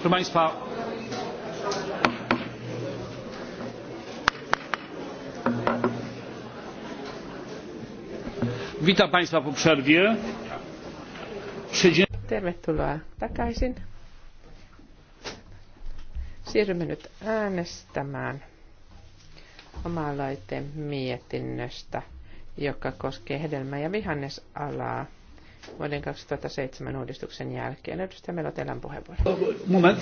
proszę państwa witam państwa po przerwie. tervetuloa takaisin. Siirrymme nyt äänestämään oma mietinnöstä, joka koskee hedelmä- ja vihannesalaa vuoden 2007 uudistuksen jälkeen. Edustaja Melo, on puheenvuoro. Moment.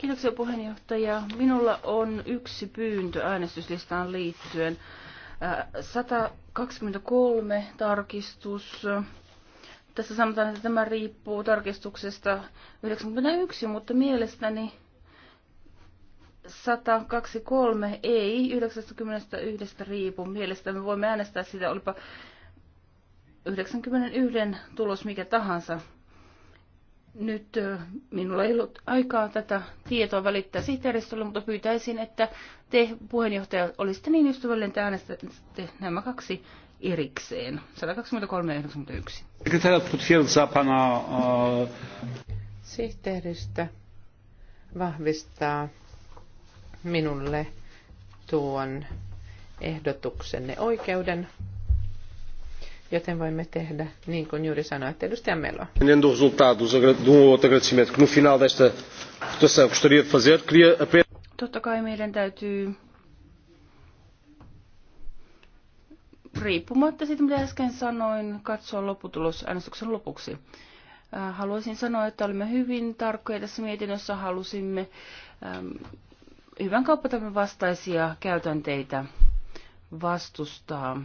Kiitoksia puheenjohtaja. Minulla on yksi pyyntö äänestyslistaan liittyen. 123 äh, tarkistus. Tässä sanotaan, että tämä riippuu tarkistuksesta 91, mutta mielestäni 123 ei 91 riipu. Mielestäni voimme äänestää sitä, olipa 91 tulos mikä tahansa. Nyt minulla ei ollut aikaa tätä tietoa välittää sihteeristölle, mutta pyytäisin, että te puheenjohtaja olisitte niin ystävällinen, että äänestätte nämä kaksi erikseen. 123 ja 91. Sihteeristö vahvistaa minulle tuon ehdotuksenne oikeuden, joten voimme tehdä niin kuin juuri sanoitte, edustaja Melo. Ennen do resultado de um outro agradecimento que no final desta votação gostaria de fazer, queria apenas... Totta kai meidän täytyy riippumatta siitä, mitä äsken sanoin, katsoa lopputulos äänestyksen lopuksi. Äh, haluaisin sanoa, että olimme hyvin tarkkoja tässä mietinnössä, halusimme ähm, hyvän kauppatavan vastaisia käytänteitä vastustaa.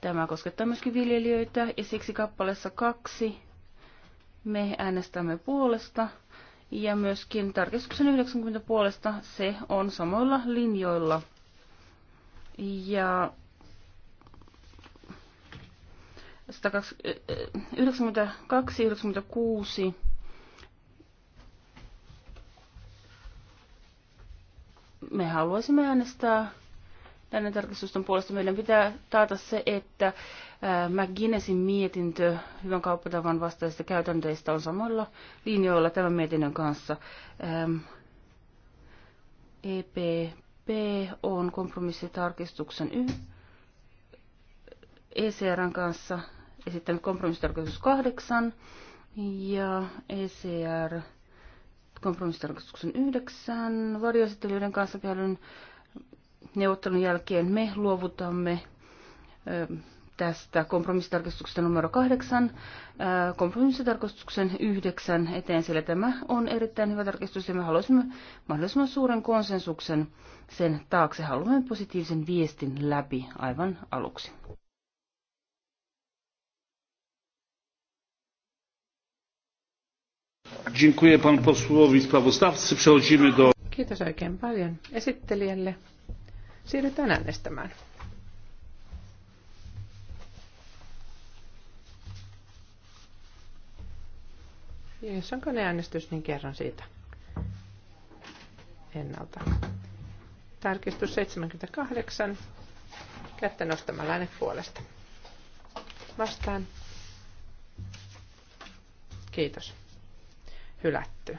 Tämä koskettaa myöskin viljelijöitä ja siksi kappaleessa kaksi me äänestämme puolesta ja myöskin tarkistuksen 90 puolesta se on samoilla linjoilla. Ja 192, 96 me haluaisimme äänestää tänne tarkistusten puolesta. Meidän pitää taata se, että McGuinnessin mietintö hyvän kauppatavan vastaisista käytänteistä on samalla linjoilla tämän mietinnön kanssa. EPP on kompromissitarkistuksen y- ECRn kanssa esittänyt kompromissitarkistus 8 ja ECR kompromissitarkastuksen yhdeksän varjoesittelyiden kanssa käydyn neuvottelun jälkeen me luovutamme tästä kompromissitarkastuksesta numero kahdeksan kompromissitarkastuksen yhdeksän eteen, sillä tämä on erittäin hyvä tarkistus ja me haluaisimme mahdollisimman suuren konsensuksen sen taakse. Haluamme positiivisen viestin läpi aivan aluksi. Dziękuję panu posłowi sprawozdawcy. Przechodzimy do... Kiitos oikein paljon esittelijälle. Siirrytään äänestämään. Ja jos on koneäänestys, niin kerron siitä ennalta. Tarkistus 78. Kättä nostamalla äänet puolesta. Vastaan. Kiitos hylätty.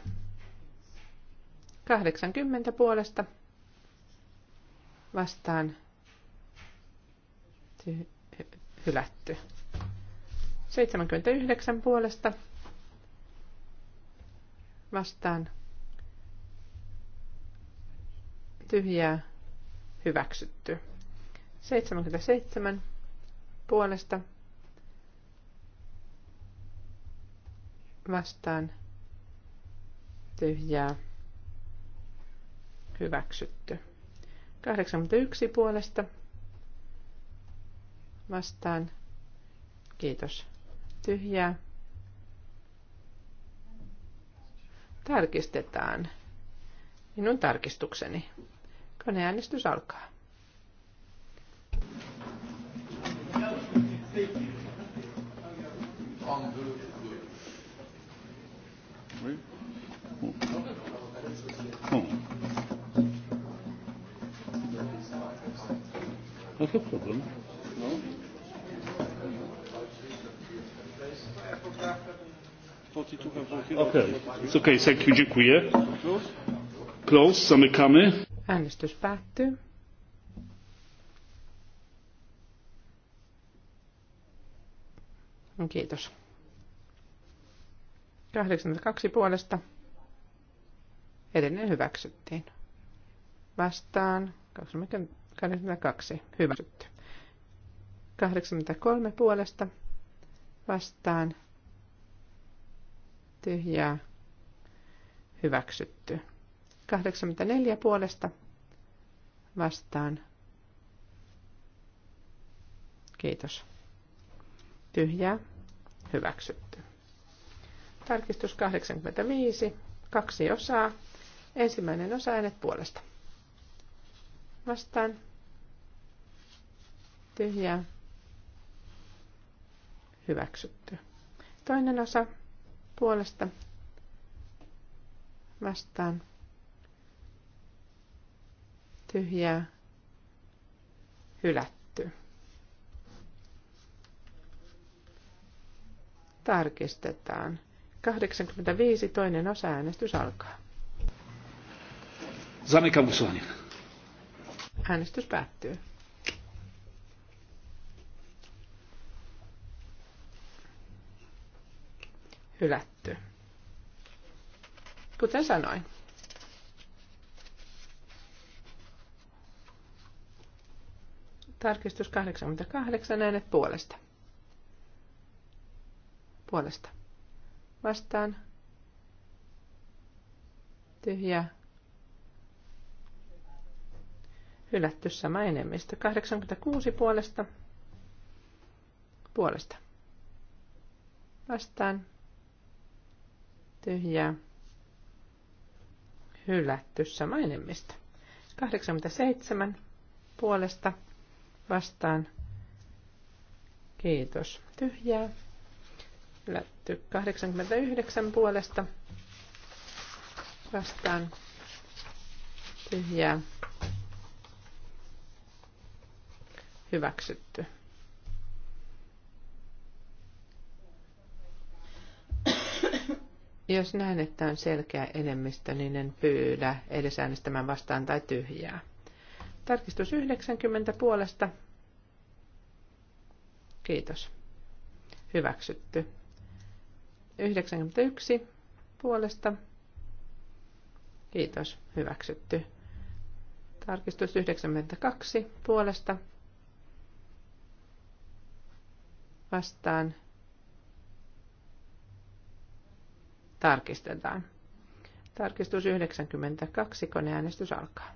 80 puolesta vastaan hylätty. 79 puolesta vastaan tyhjää hyväksytty. 77 puolesta vastaan tyhjää hyväksytty. 81 puolesta vastaan. Kiitos. Tyhjää. Tarkistetaan minun tarkistukseni. Koneäänestys alkaa. Oui. What's the problem? No? Okay. It's okay, thank you, dziękuję. Close, zamykamy. Äänestys päättyy. Kiitos. 82 puolesta. edelleen hyväksyttiin. Vastaan 20 82. Hyväksytty. 83 puolesta vastaan tyhjää hyväksytty. 84 puolesta vastaan. Kiitos. Tyhjää hyväksytty. Tarkistus 85, kaksi osaa. Ensimmäinen osa äänet puolesta vastaan tyhjää hyväksytty. Toinen osa puolesta vastaan tyhjää hylätty. Tarkistetaan. 85 toinen osa äänestys alkaa. Zamykam głosowanie. Äänestys päättyy. Hylätty. Kuten sanoin. Tarkistus 88 äänet puolesta. Puolesta. Vastaan. Tyhjä. Hylätty sama enemmistö. 86 puolesta. Puolesta. Vastaan. Tyhjää. Hylätty sama enemmistö. 87 puolesta. Vastaan. Kiitos. Tyhjää. Hylätty 89 puolesta. Vastaan. Tyhjää Hyväksytty. Jos näen, että on selkeä enemmistö, niin en pyydä edes äänestämään vastaan tai tyhjää. Tarkistus 90 puolesta. Kiitos. Hyväksytty. 91 puolesta. Kiitos. Hyväksytty. Tarkistus 92 puolesta. vastaan tarkistetaan. Tarkistus 92, koneäänestys alkaa.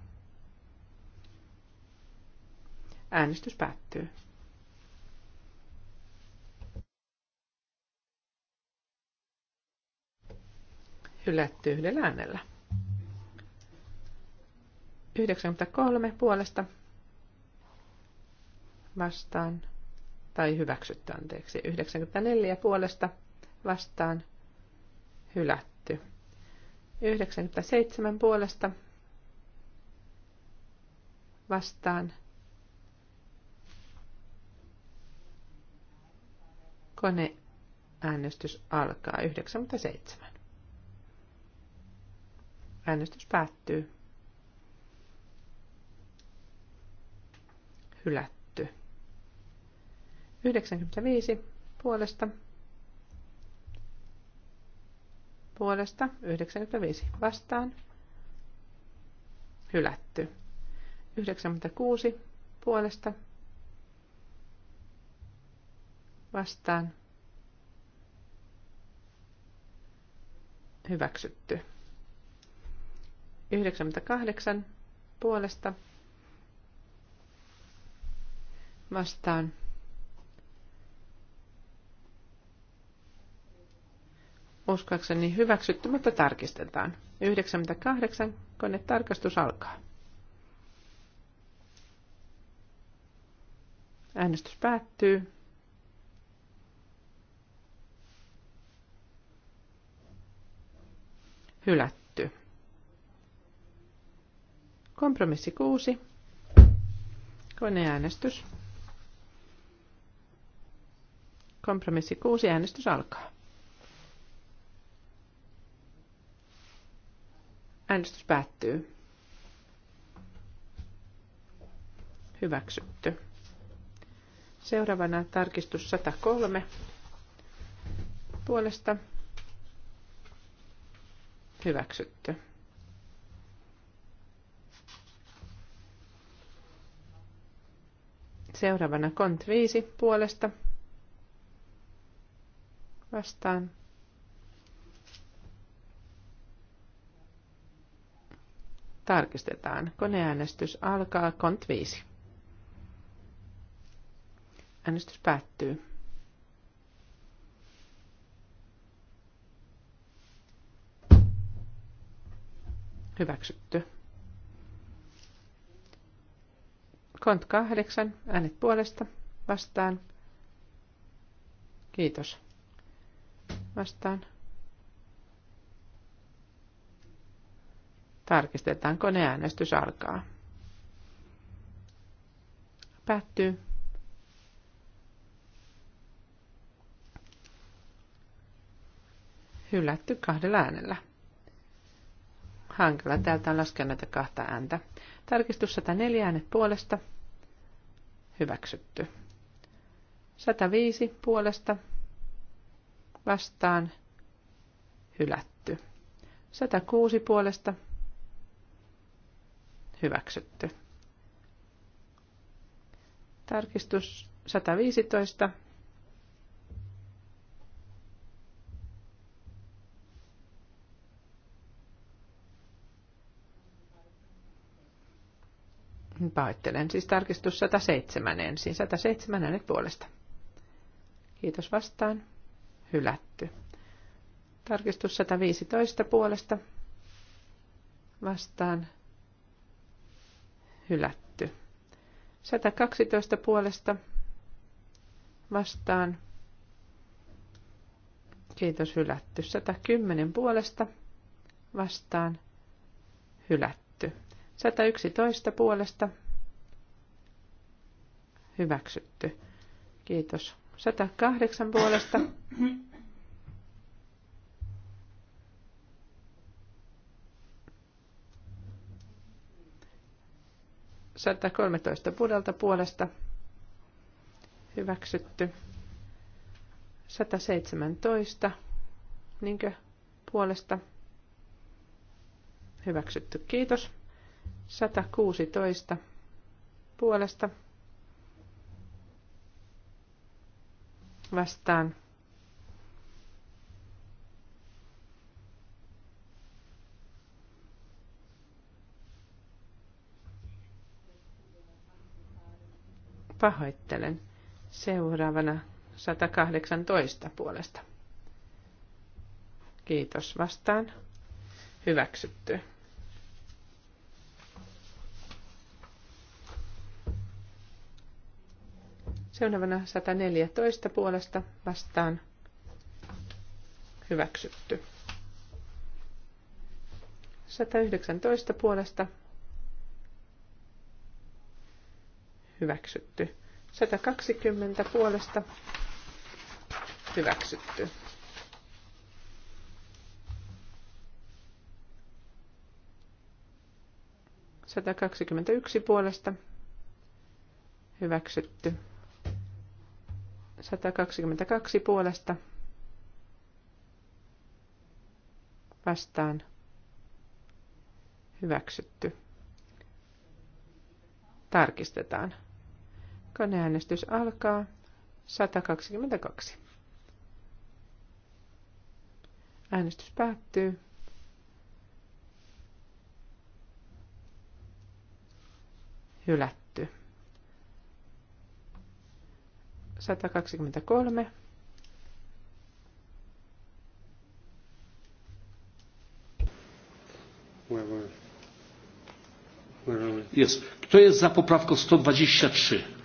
Äänestys päättyy. Hylätty yhdellä äänellä. 93 puolesta vastaan tai hyväksytty anteeksi. 94 puolesta vastaan hylätty. 97 puolesta vastaan koneäänestys alkaa 97. Äänestys päättyy. Hylätty. 95 puolesta. Puolesta 95 vastaan. Hylätty. 96 puolesta. Vastaan. Hyväksytty. 98 puolesta. Vastaan uskoakseni hyväksytty, mutta tarkistetaan. 98 konetarkastus alkaa. Äänestys päättyy. Hylätty. Kompromissi 6. Koneäänestys. Kompromissi 6. Äänestys alkaa. Äänestys päättyy. Hyväksytty. Seuraavana tarkistus 103 puolesta. Hyväksytty. Seuraavana kont 5 puolesta. Vastaan Tarkistetaan. Koneäänestys alkaa. Kont 5. Äänestys päättyy. Hyväksytty. Kont 8. Äänet puolesta. Vastaan. Kiitos. Vastaan. Tarkistetaan koneäänestys alkaa. Päättyy. Hylätty kahdella äänellä. Hankala täältä on laskennetta näitä kahta ääntä. Tarkistus 104 äänet puolesta. Hyväksytty. 105 puolesta. Vastaan. Hylätty. 106 puolesta hyväksytty. Tarkistus 115. Pahoittelen siis tarkistus 107 ensin. 107 äänet puolesta. Kiitos vastaan. Hylätty. Tarkistus 115 puolesta. Vastaan hylätty. 112 puolesta vastaan. Kiitos hylätty. 110 puolesta vastaan hylätty. 111 puolesta hyväksytty. Kiitos. 108 puolesta 113 puolelta puolesta hyväksytty. 117 niinkö, puolesta hyväksytty. Kiitos. 116 puolesta vastaan Pahoittelen. Seuraavana 118 puolesta. Kiitos vastaan. Hyväksytty. Seuraavana 114 puolesta vastaan hyväksytty. 119 puolesta hyväksytty. 120 puolesta hyväksytty. Sata yksi puolesta hyväksytty. Sata kaksi puolesta vastaan hyväksytty. Tarkistetaan. Koneäänestys alkaa. 122. Äänestys päättyy. Hylätty. 123. Yes. Kto jest za poprawką 123?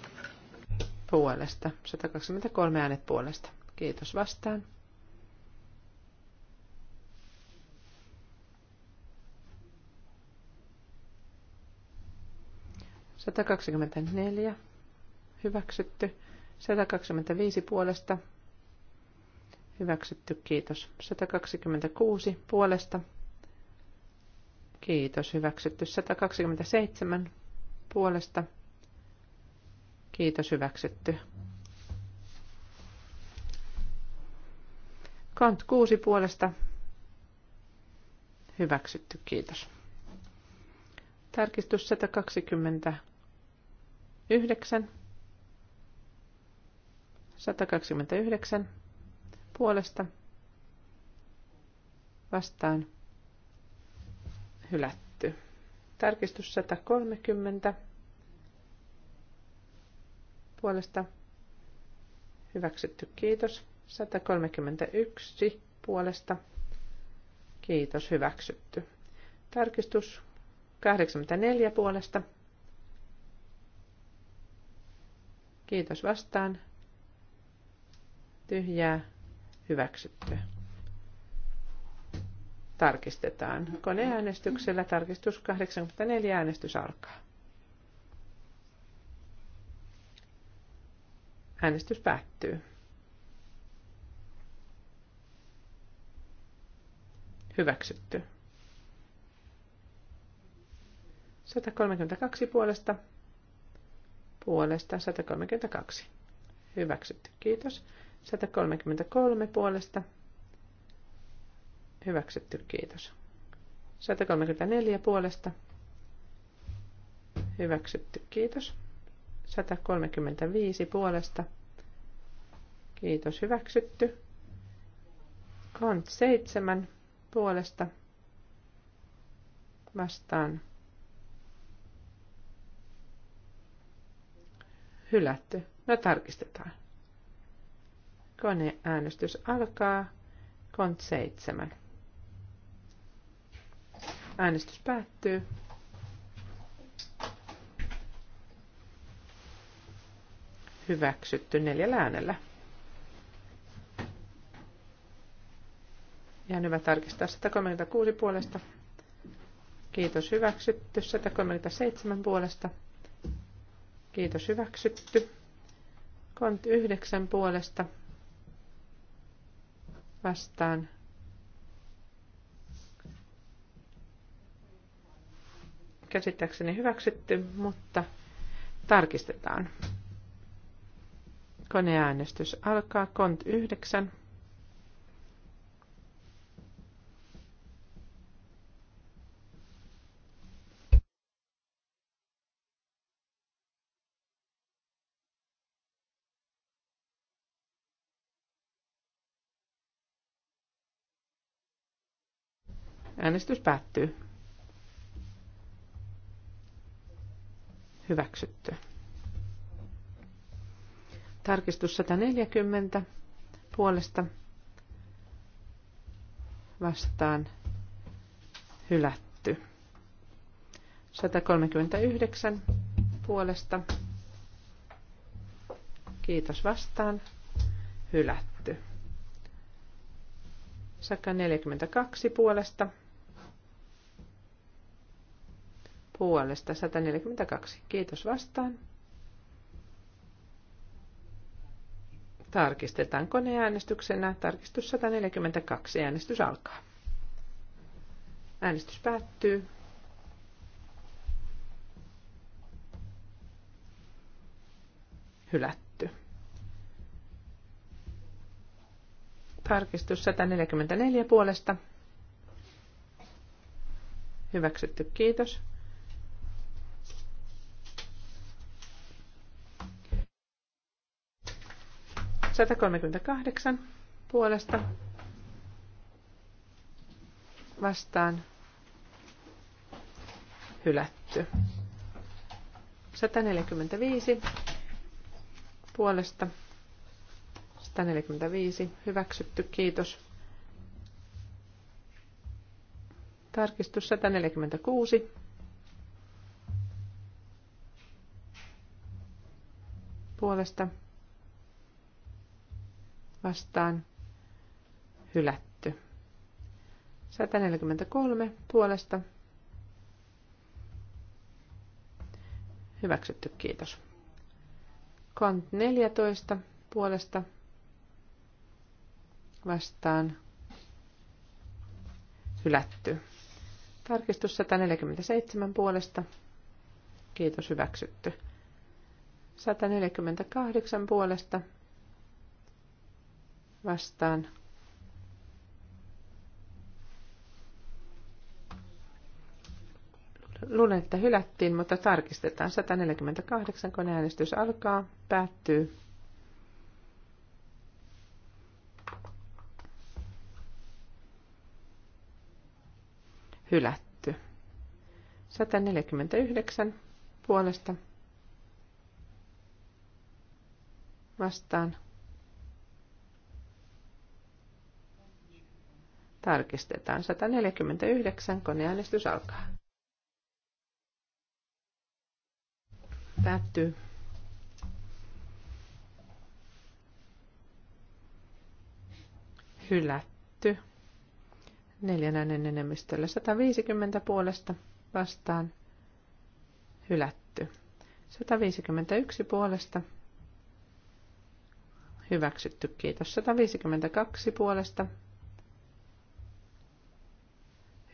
puolesta. 123 äänet puolesta. Kiitos vastaan. Satakaksikymmentäneljä hyväksytty. 125 puolesta hyväksytty, kiitos. 126 puolesta kiitos, hyväksytty. 127 puolesta Kiitos, hyväksytty. Kant kuusi puolesta. Hyväksytty, kiitos. Tarkistus 129. 129 puolesta vastaan hylätty. Tarkistus 130 puolesta hyväksytty, kiitos. 131 puolesta kiitos, hyväksytty. Tarkistus 84 puolesta. Kiitos vastaan. Tyhjää, hyväksytty. Tarkistetaan. Koneäänestyksellä tarkistus 84 äänestys alkaa. Äänestys päättyy. Hyväksytty. 132 puolesta. Puolesta 132. Hyväksytty. Kiitos. 133 puolesta. Hyväksytty. Kiitos. 134 puolesta. Hyväksytty. Kiitos. 135 puolesta. Kiitos, hyväksytty. Kant 7 puolesta. Vastaan. Hylätty. No tarkistetaan. Koneäänestys alkaa. Kont 7. Äänestys päättyy. hyväksytty neljällä äänellä. ja hyvä tarkistaa 136 puolesta. Kiitos hyväksytty. 137 puolesta. Kiitos hyväksytty. Kont 9 puolesta. Vastaan. Käsittääkseni hyväksytty, mutta tarkistetaan. Koneäänestys alkaa. Kont 9. Äänestys päättyy. Hyväksytty. Tarkistus 140 puolesta vastaan hylätty. 139 puolesta. Kiitos vastaan. Hylätty. 142 puolesta. Puolesta 142. Kiitos vastaan. Tarkistetaan koneäänestyksenä. Tarkistus 142. Äänestys alkaa. Äänestys päättyy. Hylätty. Tarkistus 144 puolesta. Hyväksytty, kiitos. 138 puolesta vastaan hylätty. 145 puolesta 145 hyväksytty, kiitos. Tarkistus 146. Puolesta vastaan hylätty. 143 puolesta hyväksytty, kiitos. Kont 14 puolesta vastaan hylätty. Tarkistus 147 puolesta. Kiitos hyväksytty. 148 puolesta vastaan. Luulen, että hylättiin, mutta tarkistetaan. 148 koneäänestys alkaa, päättyy. Hylätty. 149 puolesta vastaan Tarkistetaan. 149. Koneäänestys alkaa. Päättyy. Hylätty. Neljänäinen enemmistöllä 150 puolesta vastaan. Hylätty. 151 puolesta. Hyväksytty. Kiitos. 152 puolesta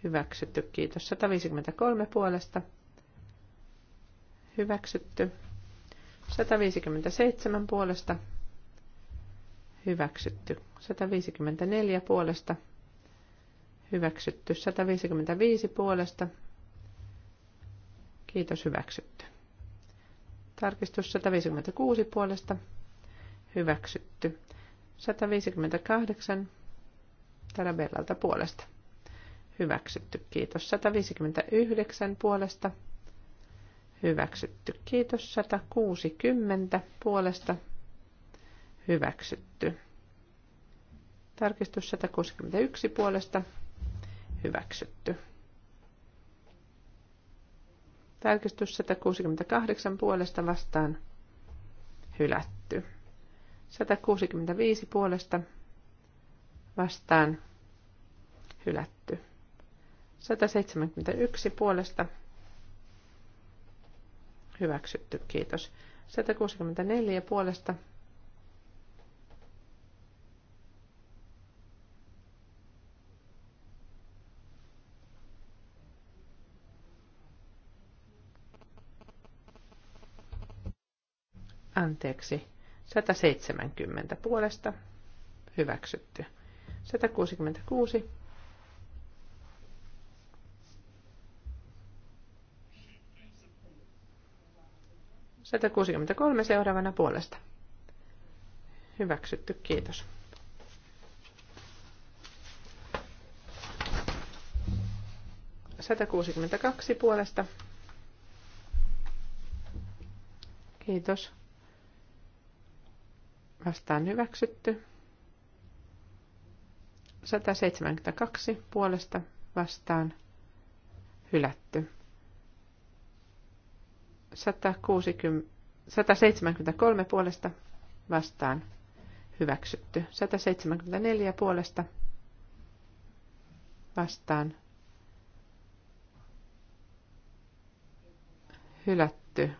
Hyväksytty, kiitos. 153 puolesta. Hyväksytty. 157 puolesta. Hyväksytty. 154 puolesta. Hyväksytty. 155 puolesta. Kiitos, hyväksytty. Tarkistus 156 puolesta. Hyväksytty. 158 Tarabellalta puolesta. Hyväksytty. Kiitos. 159 puolesta. Hyväksytty. Kiitos. 160 puolesta. Hyväksytty. Tarkistus 161 puolesta. Hyväksytty. Tarkistus 168 puolesta vastaan. Hylätty. 165 puolesta vastaan. Hylätty. 171 puolesta hyväksytty, kiitos. 164 puolesta anteeksi, 170 puolesta hyväksytty. 166 163 seuraavana puolesta. Hyväksytty, kiitos. kaksi puolesta. Kiitos. Vastaan hyväksytty. 172 puolesta vastaan hylätty. 160, 173 puolesta vastaan hyväksytty. 174 puolesta vastaan hylätty.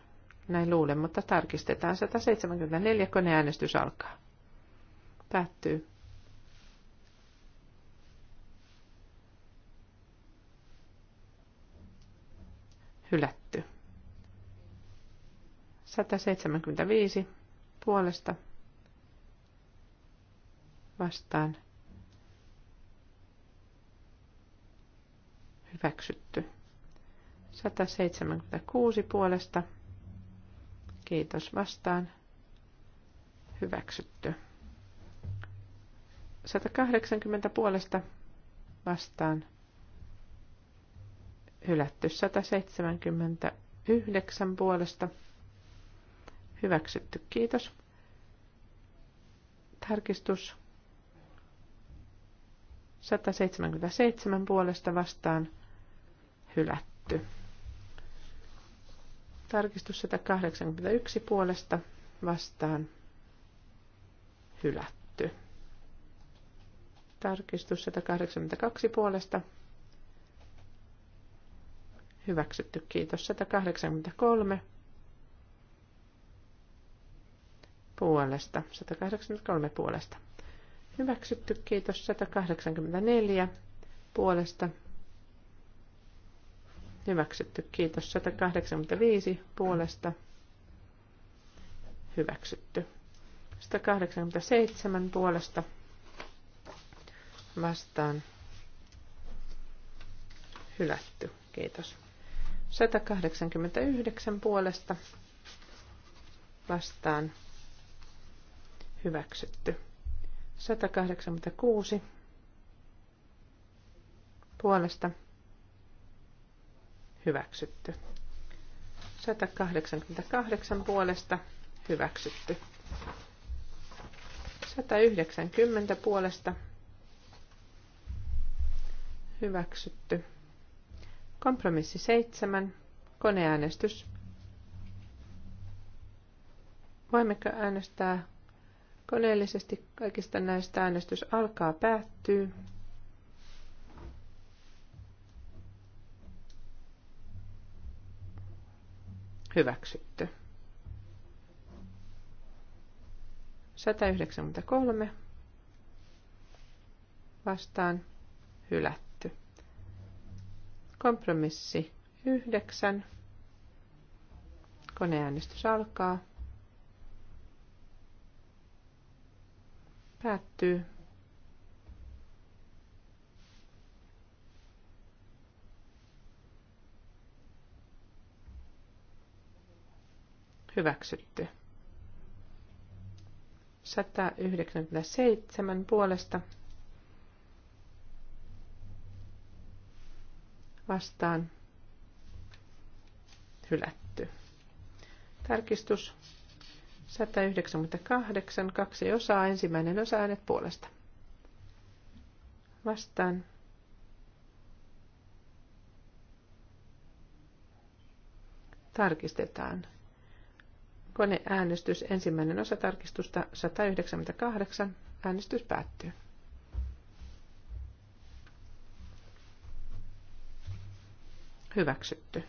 Näin luulen, mutta tarkistetaan. 174 koneäänestys alkaa. Päättyy. Hylätty. 175 puolesta vastaan hyväksytty. 176 puolesta kiitos vastaan hyväksytty. 180 puolesta vastaan hylätty. 179 puolesta Hyväksytty. Kiitos. Tarkistus. 177 puolesta vastaan hylätty. Tarkistus 181 puolesta vastaan hylätty. Tarkistus 182 puolesta hyväksytty. Kiitos 183 puolesta, 183 puolesta. Hyväksytty, kiitos, 184 puolesta. Hyväksytty, kiitos, 185 puolesta. Hyväksytty. 187 puolesta vastaan hylätty. Kiitos. 189 puolesta vastaan hyväksytty. 186 puolesta hyväksytty. 188 puolesta hyväksytty. 190 puolesta hyväksytty. Kompromissi 7. Koneäänestys. Voimmeko äänestää Koneellisesti kaikista näistä äänestys alkaa päättyy. Hyväksytty. 193 vastaan hylätty. Kompromissi 9. Koneäänestys alkaa. Päättyy. Hyväksytty. 197 puolesta vastaan hylätty. Tarkistus 198, kaksi osaa, ensimmäinen osa äänet puolesta. Vastaan. Tarkistetaan. Koneäänestys, ensimmäinen osa tarkistusta 198, äänestys päättyy. Hyväksytty.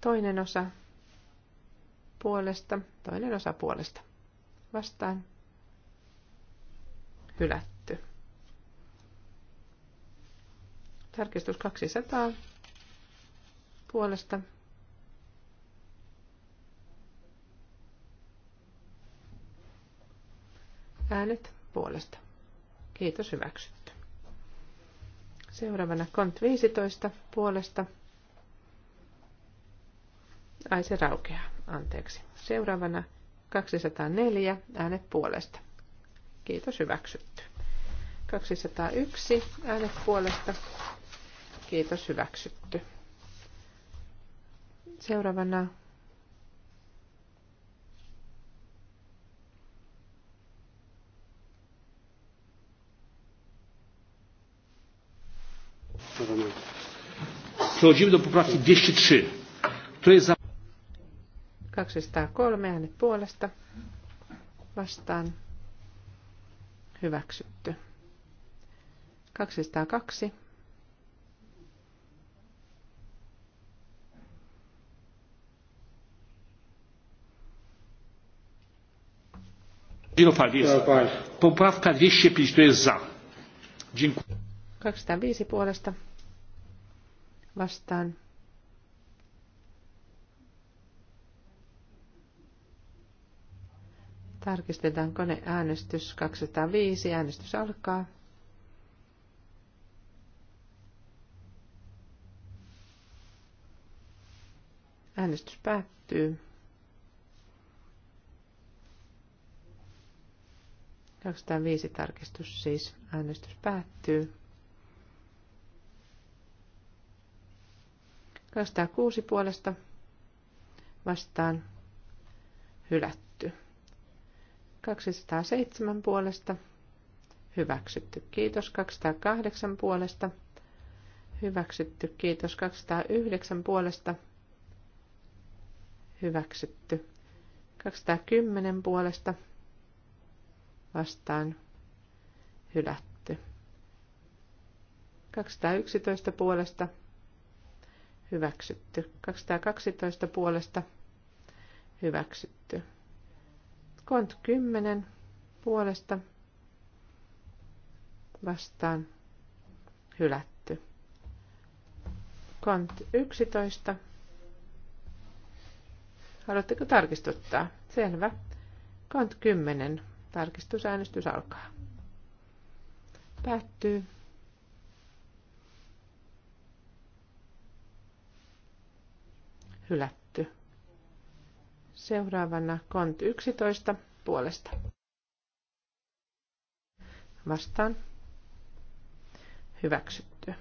Toinen osa puolesta, toinen osa puolesta. Vastaan. Hylätty. Tarkistus 200 puolesta. Äänet puolesta. Kiitos hyväksytty. Seuraavana kont 15 puolesta. Ai se raukeaa, anteeksi. Seuraavana 204 äänet puolesta. Kiitos, hyväksytty. 201 äänet puolesta. Kiitos, hyväksytty. Seuraavana Przechodzimy do poprawki 203. To jest za 203 äänet puolesta vastaan hyväksytty. 202 Poprawka 205 to jest za. Dziękuję. 205 puolesta vastaan Tarkistetaan koneäänestys 205. Äänestys alkaa. Äänestys päättyy. 205 tarkistus siis. Äänestys päättyy. 206 puolesta vastaan hylätty. 207 puolesta hyväksytty. Kiitos 208 puolesta hyväksytty. Kiitos 209 puolesta hyväksytty. 210 puolesta vastaan hylätty. 211 puolesta hyväksytty. 212 puolesta hyväksytty. Kont 10 puolesta vastaan hylätty. Kont 11. Haluatteko tarkistuttaa? Selvä. Kont 10. Tarkistusäänestys alkaa. Päättyy. Hylätty. Seuraavana kont 11 puolesta. Vastaan. Hyväksytty.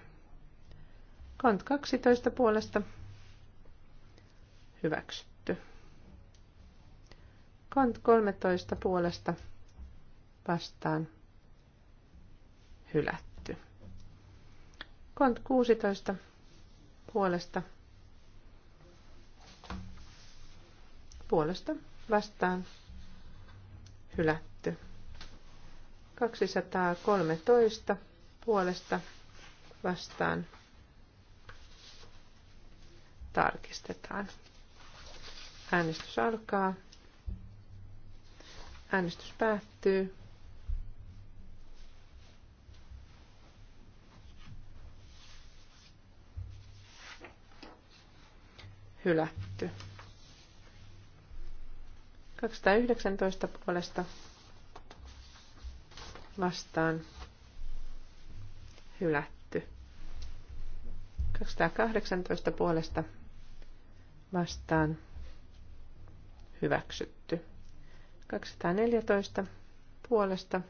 Kont 12 puolesta. Hyväksytty. Kont 13 puolesta. Vastaan. Hylätty. Kont 16 puolesta puolesta vastaan hylätty. 213 puolesta vastaan tarkistetaan. Äänestys alkaa. Äänestys päättyy. Hylätty. 219 puolesta vastaan hylätty. 218 puolesta vastaan hyväksytty. 214 puolesta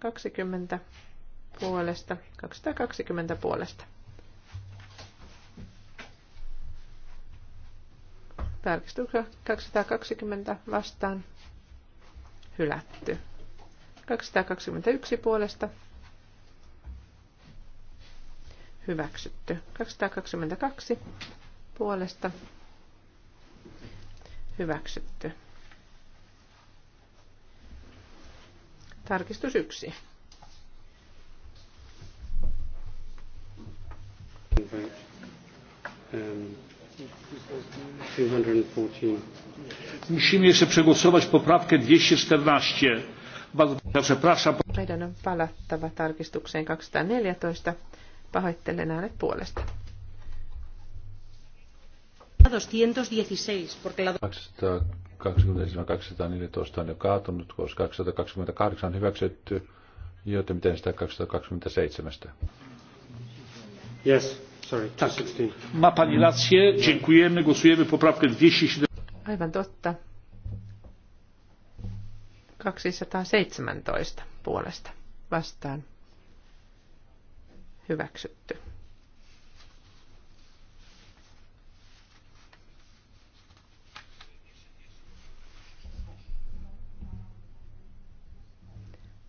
kaksikymmentä puolesta, 220 puolesta. tarkistuksessa 220 vastaan hylätty. 221 puolesta hyväksytty. 222 puolesta hyväksytty. Tarkistus 1. Um, Musimy jeszcze przegłosować poprawkę 214. Bardzo Przepraszam. Meidän on palattava tarkistukseen 214. Pahoittelen äänet puolesta. 216, porque la... 214 on jo kaatunut, koska 228 on hyväksytty, joten miten sitä 227? Yes. Ma pani rację. Dziękujemy. Głosujemy poprawkę 207. Aivan totta. 217 puolesta vastaan hyväksytty.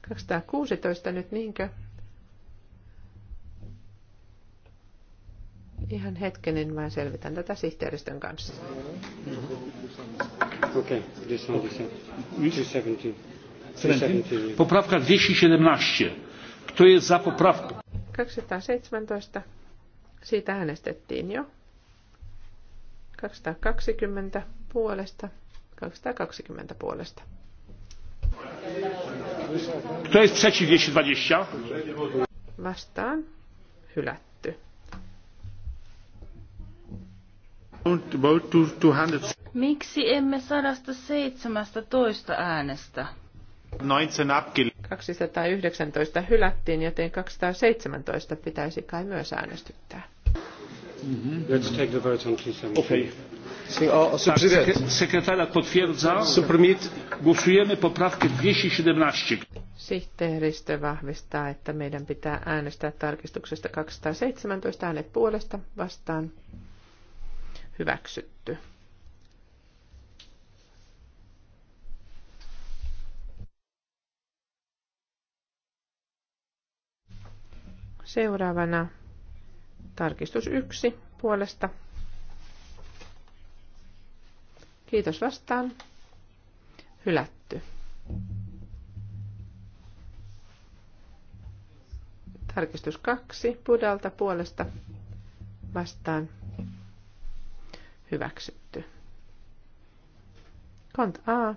Kaksisataakuusitoista nyt niinkö? Ihan niin mä selvitän tätä sihteeristön kanssa. Okei, mm-hmm. okay. Poprawka 217. Kto jest za poprawką? 217. Siitä äänestettiin jo. 220 puolesta. 220 puolesta. Kto jest przeciw 220? Vastaan. Hylät. Miksi emme 117 äänestä? 219 hylättiin, joten 217 pitäisi kai myös äänestyttää. Mhm. Sihteeristö vahvistaa, että meidän pitää äänestää tarkistuksesta 217 äänet puolesta vastaan hyväksytty. Seuraavana tarkistus yksi puolesta. Kiitos vastaan. Hylätty. Tarkistus kaksi pudalta puolesta vastaan hyväksytty. Kont A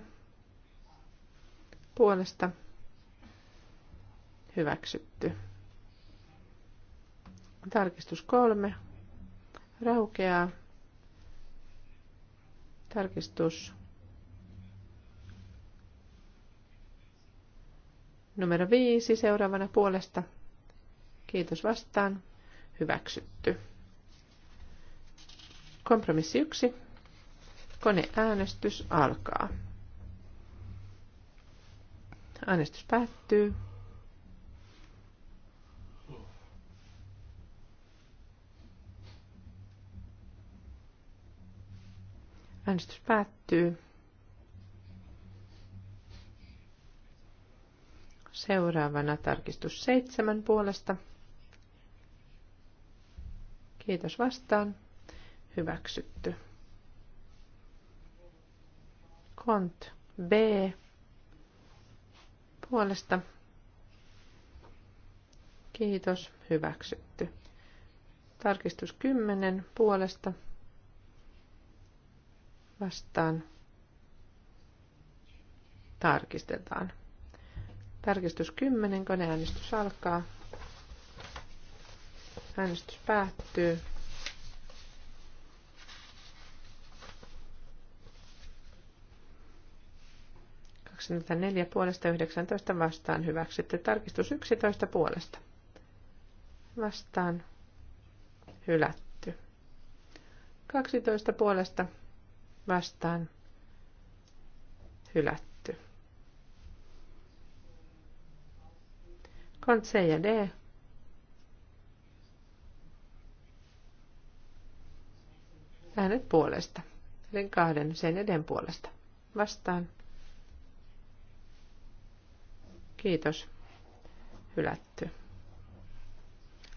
puolesta hyväksytty. Tarkistus kolme raukeaa. Tarkistus numero viisi seuraavana puolesta. Kiitos vastaan. Hyväksytty. Kompromissi yksi. Koneäänestys alkaa. Äänestys päättyy. Äänestys päättyy. Seuraavana tarkistus seitsemän puolesta. Kiitos vastaan hyväksytty. Kont B puolesta. Kiitos, hyväksytty. Tarkistus 10 puolesta vastaan tarkistetaan. Tarkistus 10, koneäänestys alkaa. Äänestys päättyy. 24 puolesta 19 vastaan hyväksytty. Tarkistus 11 puolesta. Vastaan hylätty. 12 puolesta vastaan hylätty. Kont C ja D. Äänet puolesta. Eli kahden sen eden puolesta. Vastaan Kiitos. Hylätty.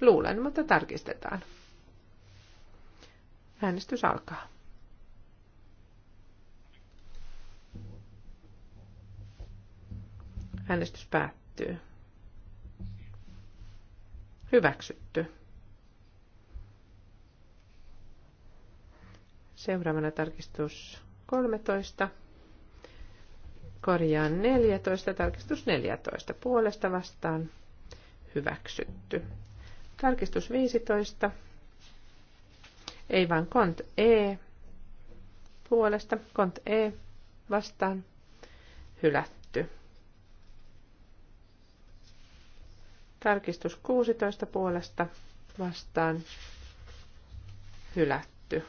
Luulen, mutta tarkistetaan. Äänestys alkaa. Äänestys päättyy. Hyväksytty. Seuraavana tarkistus 13. Korjaan 14, tarkistus 14 puolesta vastaan hyväksytty. Tarkistus 15, ei vaan kont E puolesta, kont E vastaan hylätty. Tarkistus 16 puolesta vastaan hylätty.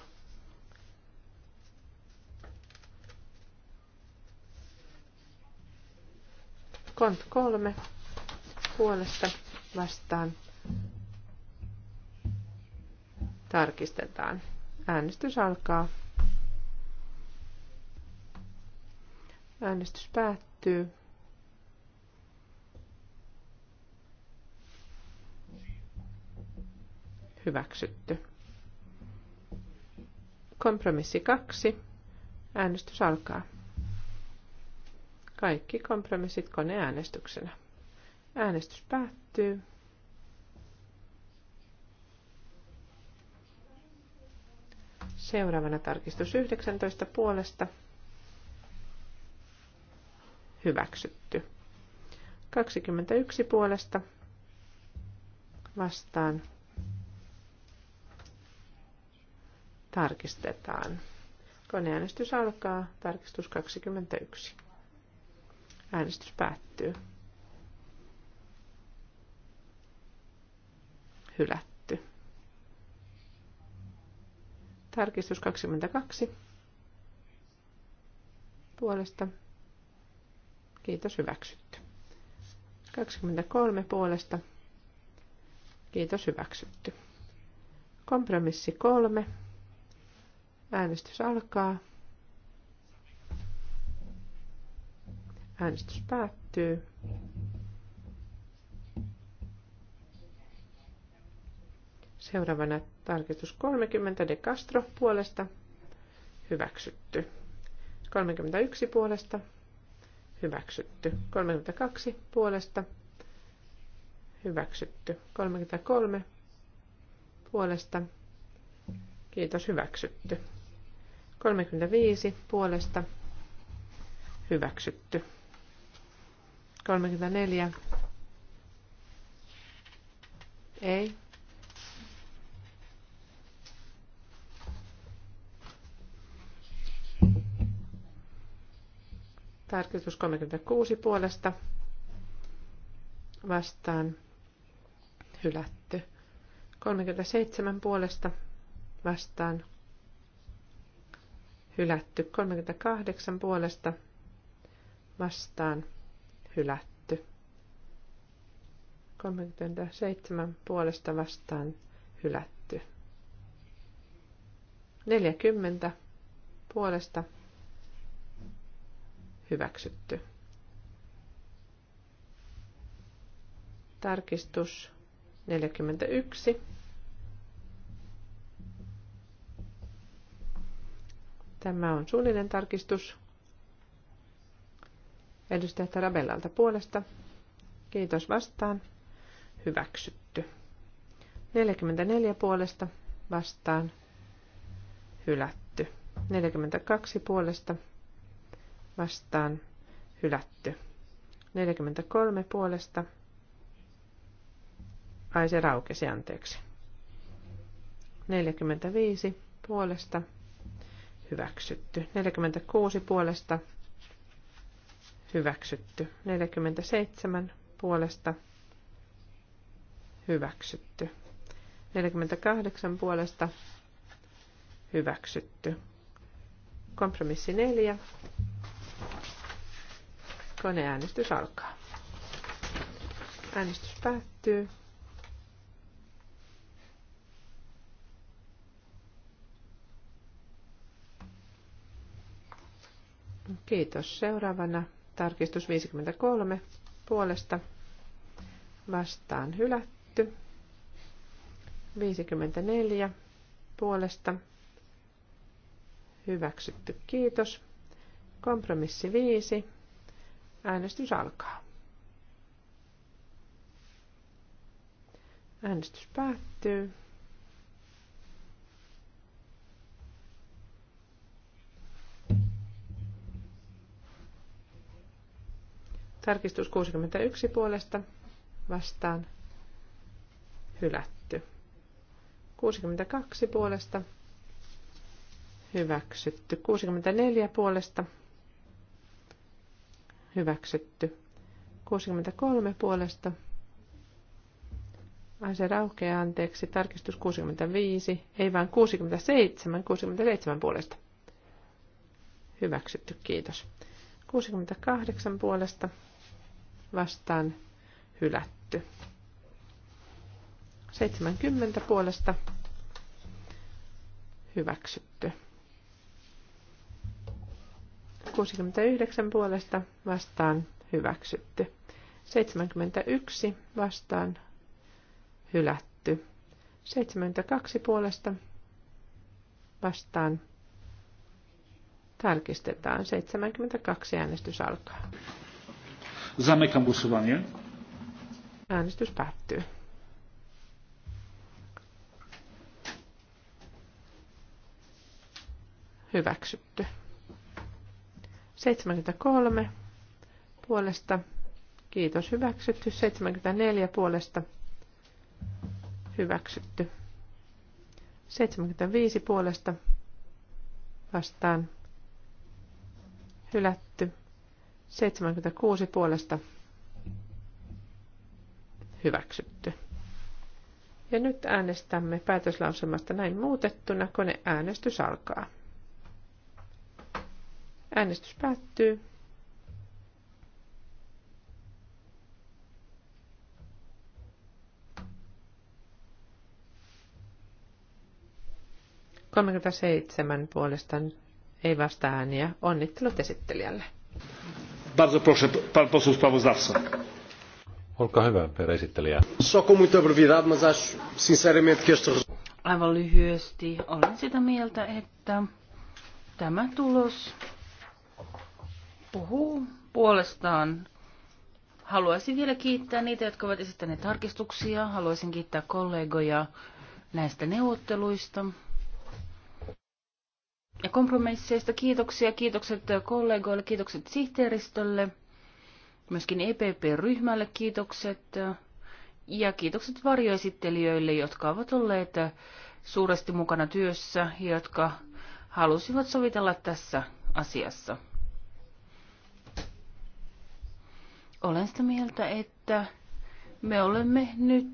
Kont kolme puolesta vastaan. Tarkistetaan. Äänestys alkaa. Äänestys päättyy. Hyväksytty. Kompromissi kaksi. Äänestys alkaa. Kaikki kompromissit koneäänestyksenä. Äänestys päättyy. Seuraavana tarkistus 19 puolesta. Hyväksytty. 21 puolesta vastaan tarkistetaan. Koneäänestys alkaa. Tarkistus 21. Äänestys päättyy. Hylätty. Tarkistus 22. Puolesta. Kiitos, hyväksytty. 23 puolesta. Kiitos, hyväksytty. Kompromissi 3. Äänestys alkaa. Äänestys päättyy. Seuraavana tarkistus 30 de Castro puolesta hyväksytty. 31 puolesta hyväksytty. 32 puolesta hyväksytty. 33 puolesta kiitos hyväksytty. 35 puolesta hyväksytty. 34. Ei. Tarkistus 36 puolesta vastaan hylätty. 37 puolesta vastaan hylätty. 38 puolesta vastaan hylätty hylätty. 37 puolesta vastaan hylätty. 40 puolesta hyväksytty. Tarkistus 41. Tämä on suullinen tarkistus. Edustaja Tarabellalta puolesta. Kiitos vastaan. Hyväksytty. 44 puolesta vastaan. Hylätty. 42 puolesta vastaan. Hylätty. 43 puolesta. Ai se raukesi, anteeksi. 45 puolesta. Hyväksytty. 46 puolesta hyväksytty. 47 puolesta hyväksytty. 48 puolesta hyväksytty. Kompromissi 4. Koneäänestys alkaa. Äänestys päättyy. Kiitos. Seuraavana Tarkistus 53 puolesta vastaan hylätty. 54 puolesta hyväksytty. Kiitos. Kompromissi 5. Äänestys alkaa. Äänestys päättyy. Tarkistus 61 puolesta vastaan hylätty. 62 puolesta hyväksytty. 64 puolesta hyväksytty. 63 puolesta Ai se raukeaa, anteeksi, tarkistus 65, ei vaan 67, 67 puolesta. Hyväksytty, kiitos. 68 puolesta vastaan hylätty. 70 puolesta hyväksytty. 69 puolesta vastaan hyväksytty. 71 vastaan hylätty. 72 puolesta vastaan tarkistetaan. 72 äänestys alkaa. Zamykam głosowanie. Äänestys päättyy. Hyväksytty. 73 puolesta. Kiitos. Hyväksytty. 74 puolesta. Hyväksytty. 75 puolesta vastaan. Hylätty. 76 puolesta hyväksytty. Ja nyt äänestämme päätöslauselmasta näin muutettuna. äänestys alkaa. Äänestys päättyy. Kolmekymmentä puolesta ei vasta ääniä. Onnittelut esittelijälle. Bardzo proszę, pan poseł sprawozdawca. Olkaa hyvä, esittelijä. Aivan lyhyesti olen sitä mieltä, että tämä tulos puhuu puolestaan. Haluaisin vielä kiittää niitä, jotka ovat esittäneet tarkistuksia. Haluaisin kiittää kollegoja näistä neuvotteluista ja kompromisseista. Kiitoksia, kiitokset kollegoille, kiitokset sihteeristölle, myöskin EPP-ryhmälle kiitokset ja kiitokset varjoesittelijöille, jotka ovat olleet suuresti mukana työssä ja jotka halusivat sovitella tässä asiassa. Olen sitä mieltä, että me olemme nyt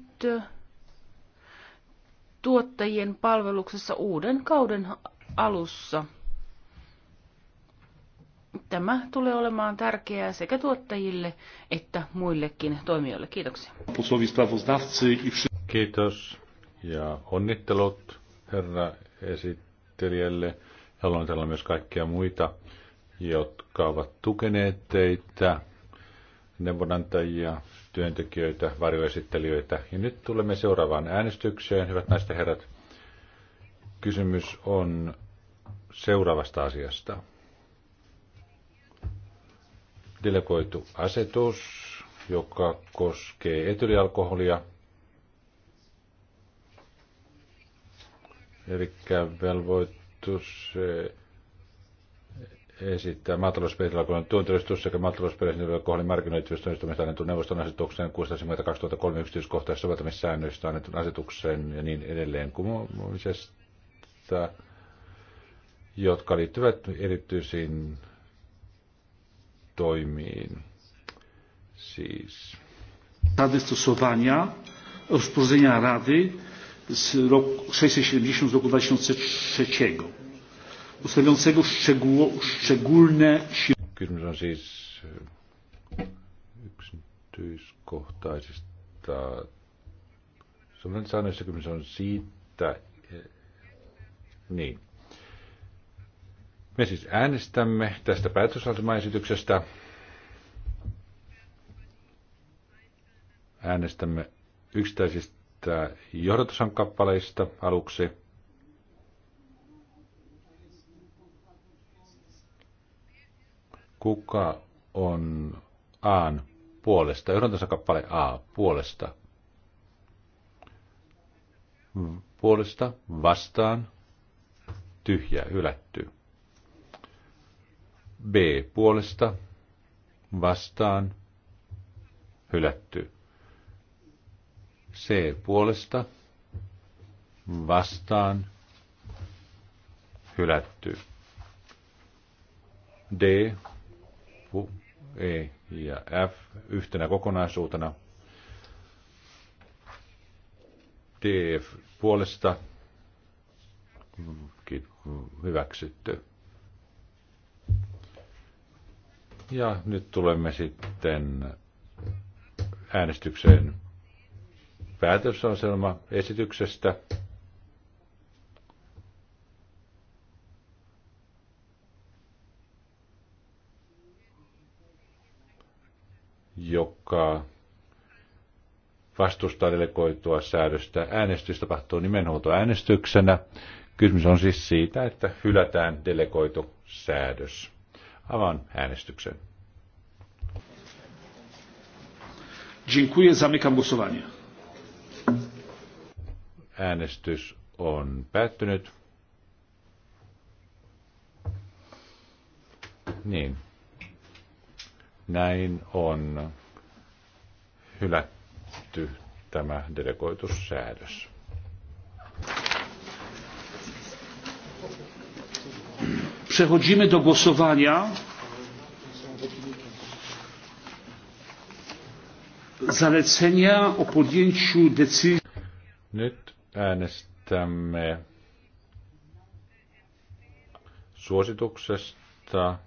tuottajien palveluksessa uuden kauden alussa. Tämä tulee olemaan tärkeää sekä tuottajille että muillekin toimijoille. Kiitoksia. Kiitos ja onnittelut herra esittelijälle. Haluan täällä myös kaikkia muita, jotka ovat tukeneet teitä, neuvonantajia, työntekijöitä, varjoesittelijöitä. Ja nyt tulemme seuraavaan äänestykseen. Hyvät naiset ja herrat, kysymys on seuraavasta asiasta. Delegoitu asetus, joka koskee etylialkoholia, eli velvoitus eh, esittää maatalousperilakoinen tuontiristus sekä maatalousperilaisen alkoholin markkinoitivista yhdistämistä annetun neuvoston asetuksen 652 yksityiskohtaisessa soveltamissäännöistä annetun asetuksen ja niin edelleen kumoamisesta jotka liittyvät erityisiin toimiin. Siis. Rady stosowania rozporządzenia Rady z roku 670 z roku 2003 ustawiającego szczególne siły. Kysymys on siis e, yksityiskohtaisista säännöistä, kysymys on siitä, e, niin, me siis äänestämme tästä päätösasemaesityksestä. Äänestämme yksittäisistä johdotusan kappaleista aluksi. Kuka on Aan puolesta? Johdotusan kappale A puolesta. Puolesta vastaan tyhjä hylätty. B puolesta vastaan hylätty. C puolesta vastaan hylätty. D, E ja F yhtenä kokonaisuutena. D puolesta hyväksytty. Ja nyt tulemme sitten äänestykseen päätösaselma esityksestä. joka vastustaa delegoitua säädöstä. Äänestys tapahtuu nimenhuoltoäänestyksenä. Kysymys on siis siitä, että hylätään delegoitu säädös. Avaan äänestyksen. Dziękuję, zamykam głosowanie. Äänestys on päättynyt. Niin. Näin on hylätty tämä delegoitussäädös. Przechodzimy do głosowania. Zalecenia o podjęciu decyzji. Nyt äänestämme suosituksesta,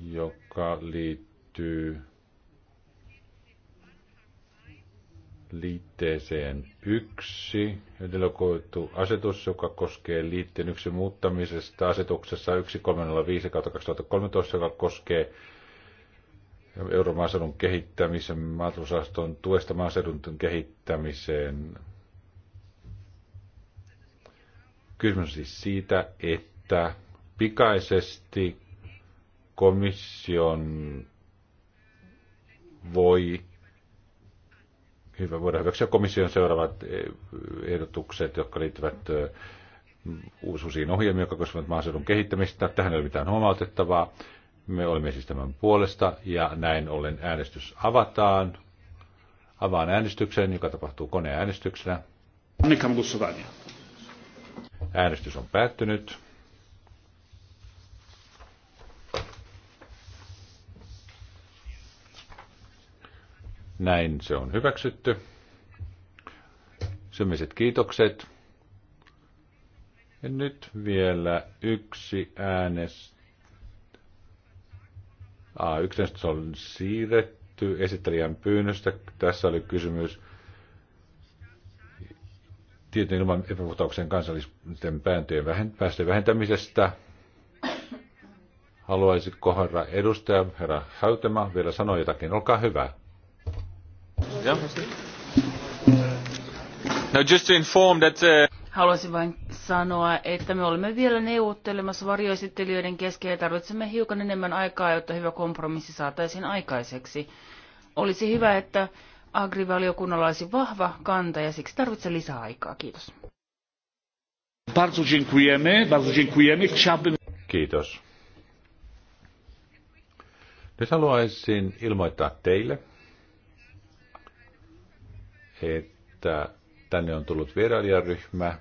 joka liittyy liitteeseen yksi delegoitu asetus, joka koskee liitteen yksi muuttamisesta asetuksessa 1305 2013, joka koskee euromaaseudun kehittämisen maatalousaston tuesta maaseudun kehittämiseen. Kysymys on siis siitä, että pikaisesti komission voi hyvä, voidaan hyväksyä komission seuraavat eh, ehdotukset, jotka liittyvät eh, uusiin ohjelmiin, jotka koskevat maaseudun kehittämistä. Tähän ei ole mitään huomautettavaa. Me olemme siis tämän puolesta ja näin ollen äänestys avataan. Avaan äänestyksen, joka tapahtuu koneäänestyksenä. Äänestys on päättynyt. Näin se on hyväksytty. Symiset kiitokset. Ja nyt vielä yksi äänes. a yksi äänestys on siirretty esittelijän pyynnöstä. Tässä oli kysymys tietyn ilman epäpuhtauksen kansallisten pääntöjen päästöjen vähentämisestä. Haluaisitko herra edustaja, herra Häytemä, vielä sanoa jotakin? Olkaa hyvä just to inform that, uh... Haluaisin vain sanoa, että me olemme vielä neuvottelemassa varjoesittelijöiden kesken ja tarvitsemme hiukan enemmän aikaa, jotta hyvä kompromissi saataisiin aikaiseksi. Olisi hyvä, että agrivaliokunnalla olisi vahva kanta ja siksi tarvitsee lisää aikaa. Kiitos. dziękujemy, dziękujemy. Chciałbym... Kiitos. Nyt haluaisin ilmoittaa teille, että tänne on tullut vierailijaryhmä.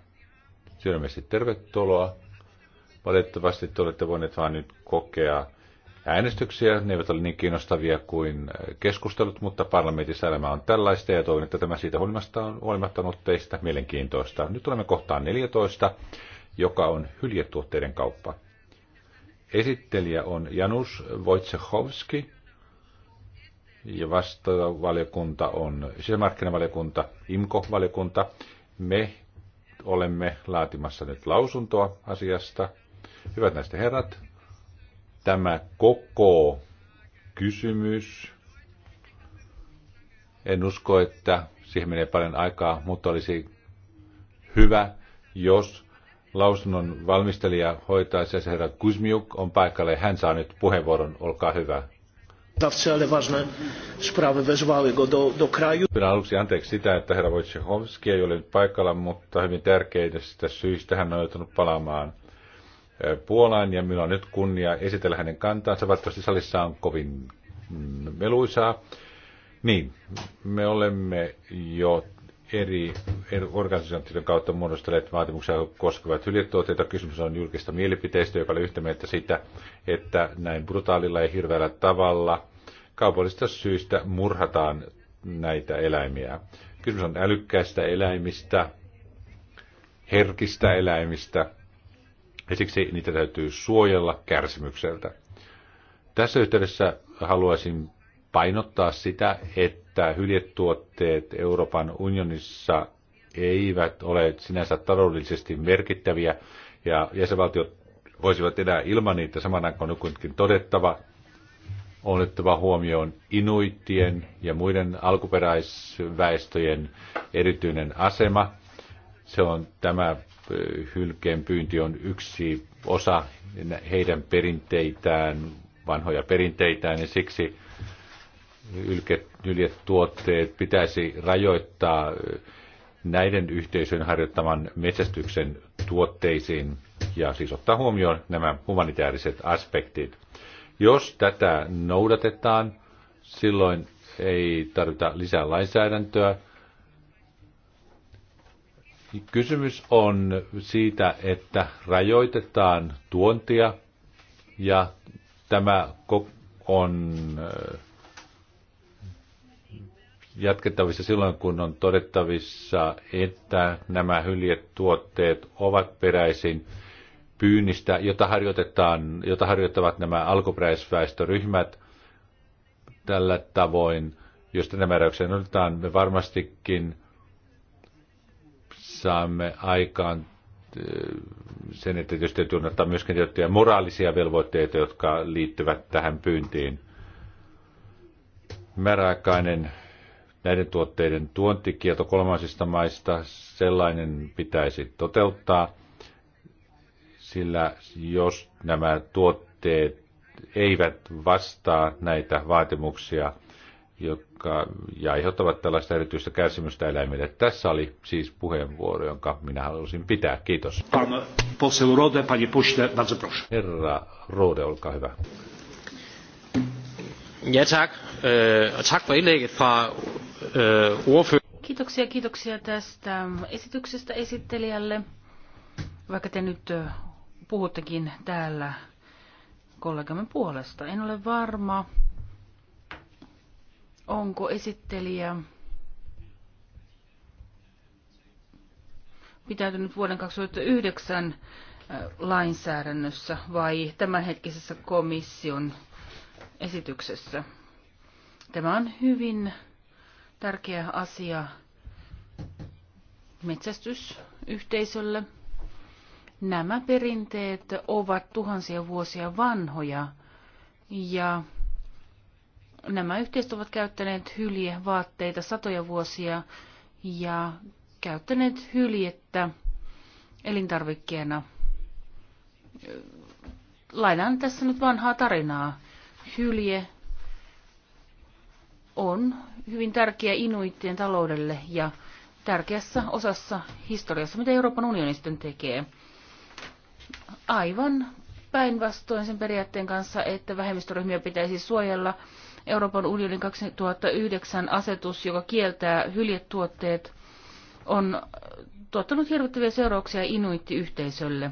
Sydämesti tervetuloa. Valitettavasti te olette voineet vain nyt kokea äänestyksiä. Ne eivät ole niin kiinnostavia kuin keskustelut, mutta parlamentissa elämä on tällaista ja toivon, että tämä siitä huolimatta on, huolimatta on teistä mielenkiintoista. Nyt olemme kohtaan 14, joka on hyljetuotteiden kauppa. Esittelijä on Janus Wojciechowski ja vastaava valiokunta on sisämarkkinavaliokunta, IMKO-valiokunta. Me olemme laatimassa nyt lausuntoa asiasta. Hyvät näistä herrat, tämä koko kysymys, en usko, että siihen menee paljon aikaa, mutta olisi hyvä, jos lausunnon valmistelija hoitaisi ja se herra Kuzmiuk on paikalla ja hän saa nyt puheenvuoron, olkaa hyvä. Pyydän aluksi anteeksi sitä, että herra Wojciechowski ei ole nyt paikalla, mutta hyvin tärkeistä syistä hän on joutunut palaamaan eh, Puolaan ja minulla on nyt kunnia esitellä hänen kantaansa. Valitettavasti salissa on kovin meluisaa. Niin, me olemme jo eri, eri organisaatioiden kautta muodostaneet vaatimuksia koskevat hyljetuotteita. Kysymys on julkista mielipiteistä, joka oli yhtä mieltä sitä, että näin brutaalilla ja hirveällä tavalla kaupallisista syistä murhataan näitä eläimiä. Kysymys on älykkäistä eläimistä, herkistä eläimistä, ja siksi niitä täytyy suojella kärsimykseltä. Tässä yhteydessä haluaisin painottaa sitä, että hyljetuotteet Euroopan unionissa eivät ole sinänsä taloudellisesti merkittäviä, ja jäsenvaltiot voisivat enää ilman niitä saman aikaan kuitenkin todettava, on otettava huomioon inuittien ja muiden alkuperäisväestöjen erityinen asema. Se on tämä hylkeen pyynti on yksi osa heidän perinteitään, vanhoja perinteitään, ja siksi tuotteet pitäisi rajoittaa näiden yhteisöjen harjoittaman metsästyksen tuotteisiin ja siis ottaa huomioon nämä humanitaariset aspektit. Jos tätä noudatetaan, silloin ei tarvita lisää lainsäädäntöä. Kysymys on siitä, että rajoitetaan tuontia ja tämä on äh, jatkettavissa silloin, kun on todettavissa, että nämä hyljetuotteet ovat peräisin pyynnistä, jota, harjoitetaan, jota harjoittavat nämä alkuperäisväestöryhmät tällä tavoin, jos tätä määräykseen otetaan, me varmastikin saamme aikaan eh, sen, että tietysti täytyy myöskin tiettyjä moraalisia velvoitteita, jotka liittyvät tähän pyyntiin. Määräaikainen näiden tuotteiden tuontikielto kolmansista maista, sellainen pitäisi toteuttaa – sillä jos nämä tuotteet eivät vastaa näitä vaatimuksia, jotka ja aiheuttavat tällaista erityistä kärsimystä eläimille. Tässä oli siis puheenvuoro, jonka minä halusin pitää. Kiitos. Pan Rode, panie pośle, bardzo proszę. Herra Rode, olkaa hyvä. Ja tak. Äh, tak indlægget fra äh, Kiitoksia, kiitoksia tästä esityksestä esittelijälle. Vaikka te nyt puhuttekin täällä kollegamme puolesta. En ole varma, onko esittelijä pitäytynyt vuoden 2009 äh, lainsäädännössä vai tämänhetkisessä komission esityksessä. Tämä on hyvin tärkeä asia metsästysyhteisölle – Nämä perinteet ovat tuhansia vuosia vanhoja ja nämä yhteisöt ovat käyttäneet hyljevaatteita satoja vuosia ja käyttäneet hyljettä elintarvikkeena. Lainaan tässä nyt vanhaa tarinaa. Hylje on hyvin tärkeä inuittien taloudelle ja tärkeässä osassa historiassa, mitä Euroopan unioni sitten tekee – aivan päinvastoin sen periaatteen kanssa, että vähemmistöryhmiä pitäisi suojella. Euroopan unionin 2009 asetus, joka kieltää hyljetuotteet, on tuottanut hirvittäviä seurauksia inuittiyhteisölle.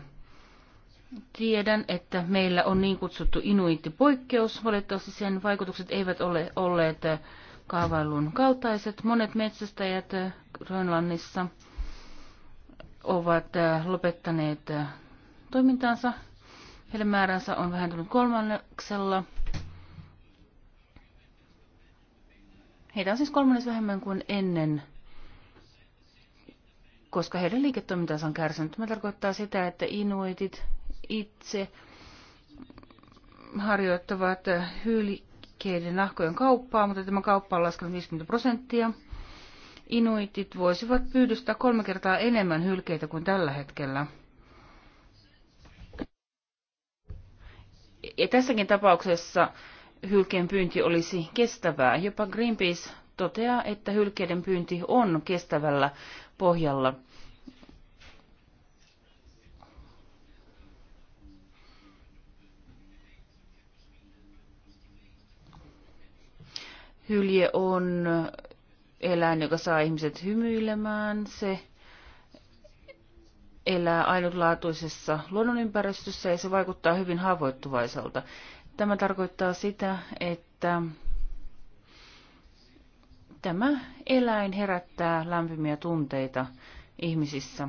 Tiedän, että meillä on niin kutsuttu inuittipoikkeus. Valitettavasti sen vaikutukset eivät ole olleet kaavailun kaltaiset. Monet metsästäjät Grönlannissa ovat lopettaneet toimintaansa. Heidän määränsä on vähentynyt kolmanneksella. Heitä on siis kolmannes vähemmän kuin ennen, koska heidän liiketoimintansa on kärsinyt. Tämä tarkoittaa sitä, että inuitit itse harjoittavat hylkeiden nahkojen kauppaa, mutta tämä kauppa on laskenut 50 prosenttia. Inuitit voisivat pyydystää kolme kertaa enemmän hylkeitä kuin tällä hetkellä. Ja tässäkin tapauksessa hylkeen pyynti olisi kestävää. Jopa Greenpeace toteaa, että hylkeiden pyynti on kestävällä pohjalla. Hylje on eläin, joka saa ihmiset hymyilemään. Se elää ainutlaatuisessa luonnonympäristössä ja se vaikuttaa hyvin haavoittuvaiselta. Tämä tarkoittaa sitä, että tämä eläin herättää lämpimiä tunteita ihmisissä.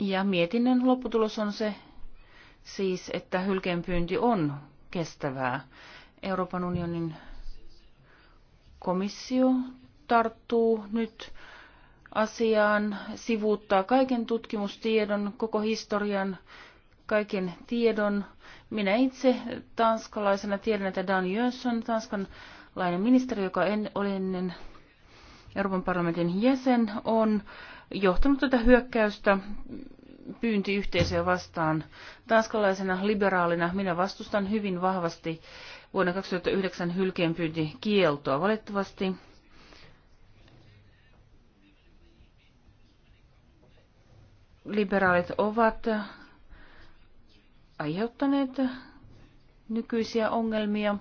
Ja mietinnön lopputulos on se siis, että hylkeenpyynti on kestävää. Euroopan unionin komissio tarttuu nyt asiaan, sivuuttaa kaiken tutkimustiedon, koko historian, kaiken tiedon. Minä itse tanskalaisena tiedän, että Dan Jönsson, tanskanlainen ministeri, joka en ole ennen Euroopan parlamentin jäsen, on johtanut tätä hyökkäystä pyyntiyhteisöä vastaan. Tanskalaisena liberaalina minä vastustan hyvin vahvasti vuonna 2009 hylkeenpyyntikieltoa. Valitettavasti liberaalit ovat aiheuttaneet nykyisiä ongelmia.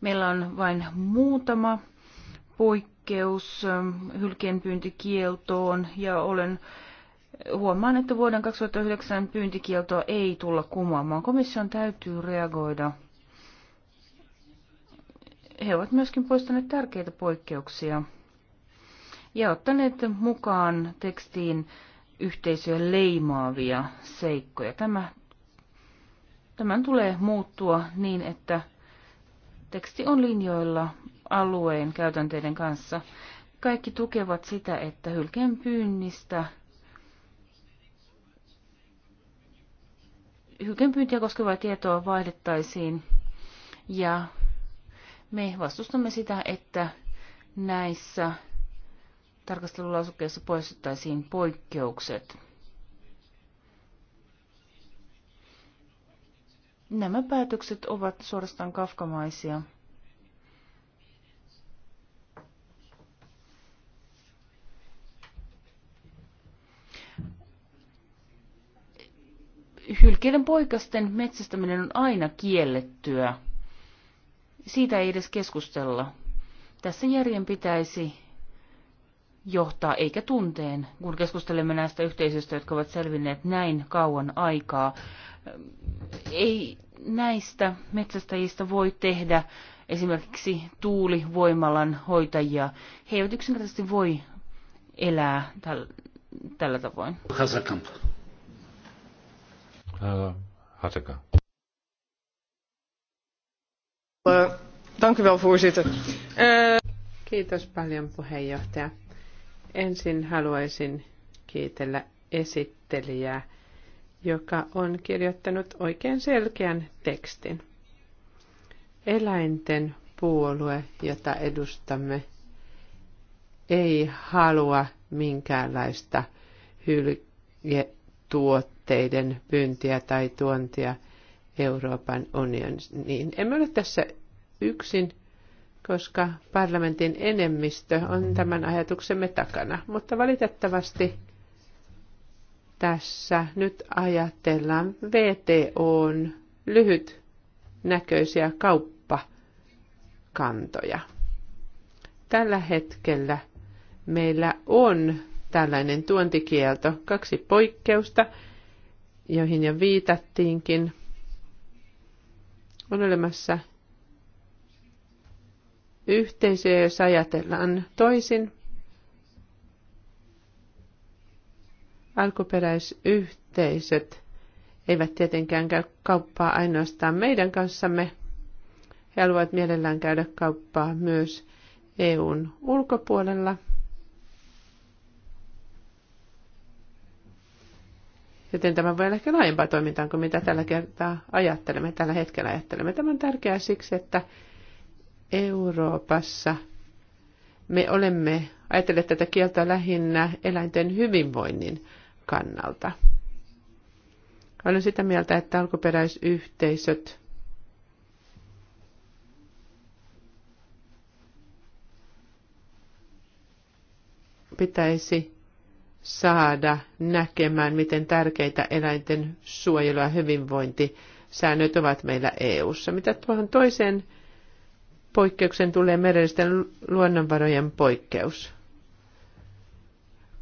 Meillä on vain muutama poikkeus hylkeenpyyntikieltoon ja olen huomaan, että vuoden 2009 pyyntikieltoa ei tulla kumoamaan. Komission täytyy reagoida. He ovat myöskin poistaneet tärkeitä poikkeuksia ja ottaneet mukaan tekstiin yhteisöä leimaavia seikkoja. Tämä, tämän tulee muuttua niin, että teksti on linjoilla alueen käytänteiden kanssa. Kaikki tukevat sitä, että hylkeen pyynnistä hylkeenpyyntiä koskevaa tietoa vaihdettaisiin ja me vastustamme sitä, että näissä tarkastelulausukkeessa poistettaisiin poikkeukset. Nämä päätökset ovat suorastaan kafkamaisia. Hylkeiden poikasten metsästäminen on aina kiellettyä. Siitä ei edes keskustella. Tässä järjen pitäisi johtaa, eikä tunteen, kun keskustelemme näistä yhteisöistä, jotka ovat selvinneet näin kauan aikaa. Ei näistä metsästäjistä voi tehdä esimerkiksi tuulivoimalan hoitajia. He eivät yksinkertaisesti voi elää täl- tällä tavoin. Hasakamp. Äh, Hasaka. Äh, dank u wel, voorzitter. Äh, Kiitos paljon puheenjohtaja. Ensin haluaisin kiitellä esittelijää, joka on kirjoittanut oikein selkeän tekstin. Eläinten puolue, jota edustamme, ei halua minkäänlaista hyljetuotteiden pyyntiä tai tuontia Euroopan unioniin. Niin emme ole tässä yksin koska parlamentin enemmistö on tämän ajatuksemme takana. Mutta valitettavasti tässä nyt ajatellaan VTOn lyhytnäköisiä kauppakantoja. Tällä hetkellä meillä on tällainen tuontikielto, kaksi poikkeusta, joihin jo viitattiinkin. On olemassa yhteisöjä, jos ajatellaan toisin, alkuperäisyhteisöt eivät tietenkään käy kauppaa ainoastaan meidän kanssamme. He haluavat mielellään käydä kauppaa myös EUn ulkopuolella. Joten tämä voi olla ehkä laajempaa toimintaa kuin mitä tällä kertaa ajattelemme, tällä hetkellä ajattelemme. Tämä on tärkeää siksi, että Euroopassa me olemme ajatelleet tätä kieltä lähinnä eläinten hyvinvoinnin kannalta. Olen sitä mieltä, että alkuperäisyhteisöt pitäisi saada näkemään, miten tärkeitä eläinten suojelu- ja hyvinvointisäännöt ovat meillä EU:ssa. Mitä tuohon toiseen poikkeuksen tulee merellisten luonnonvarojen poikkeus.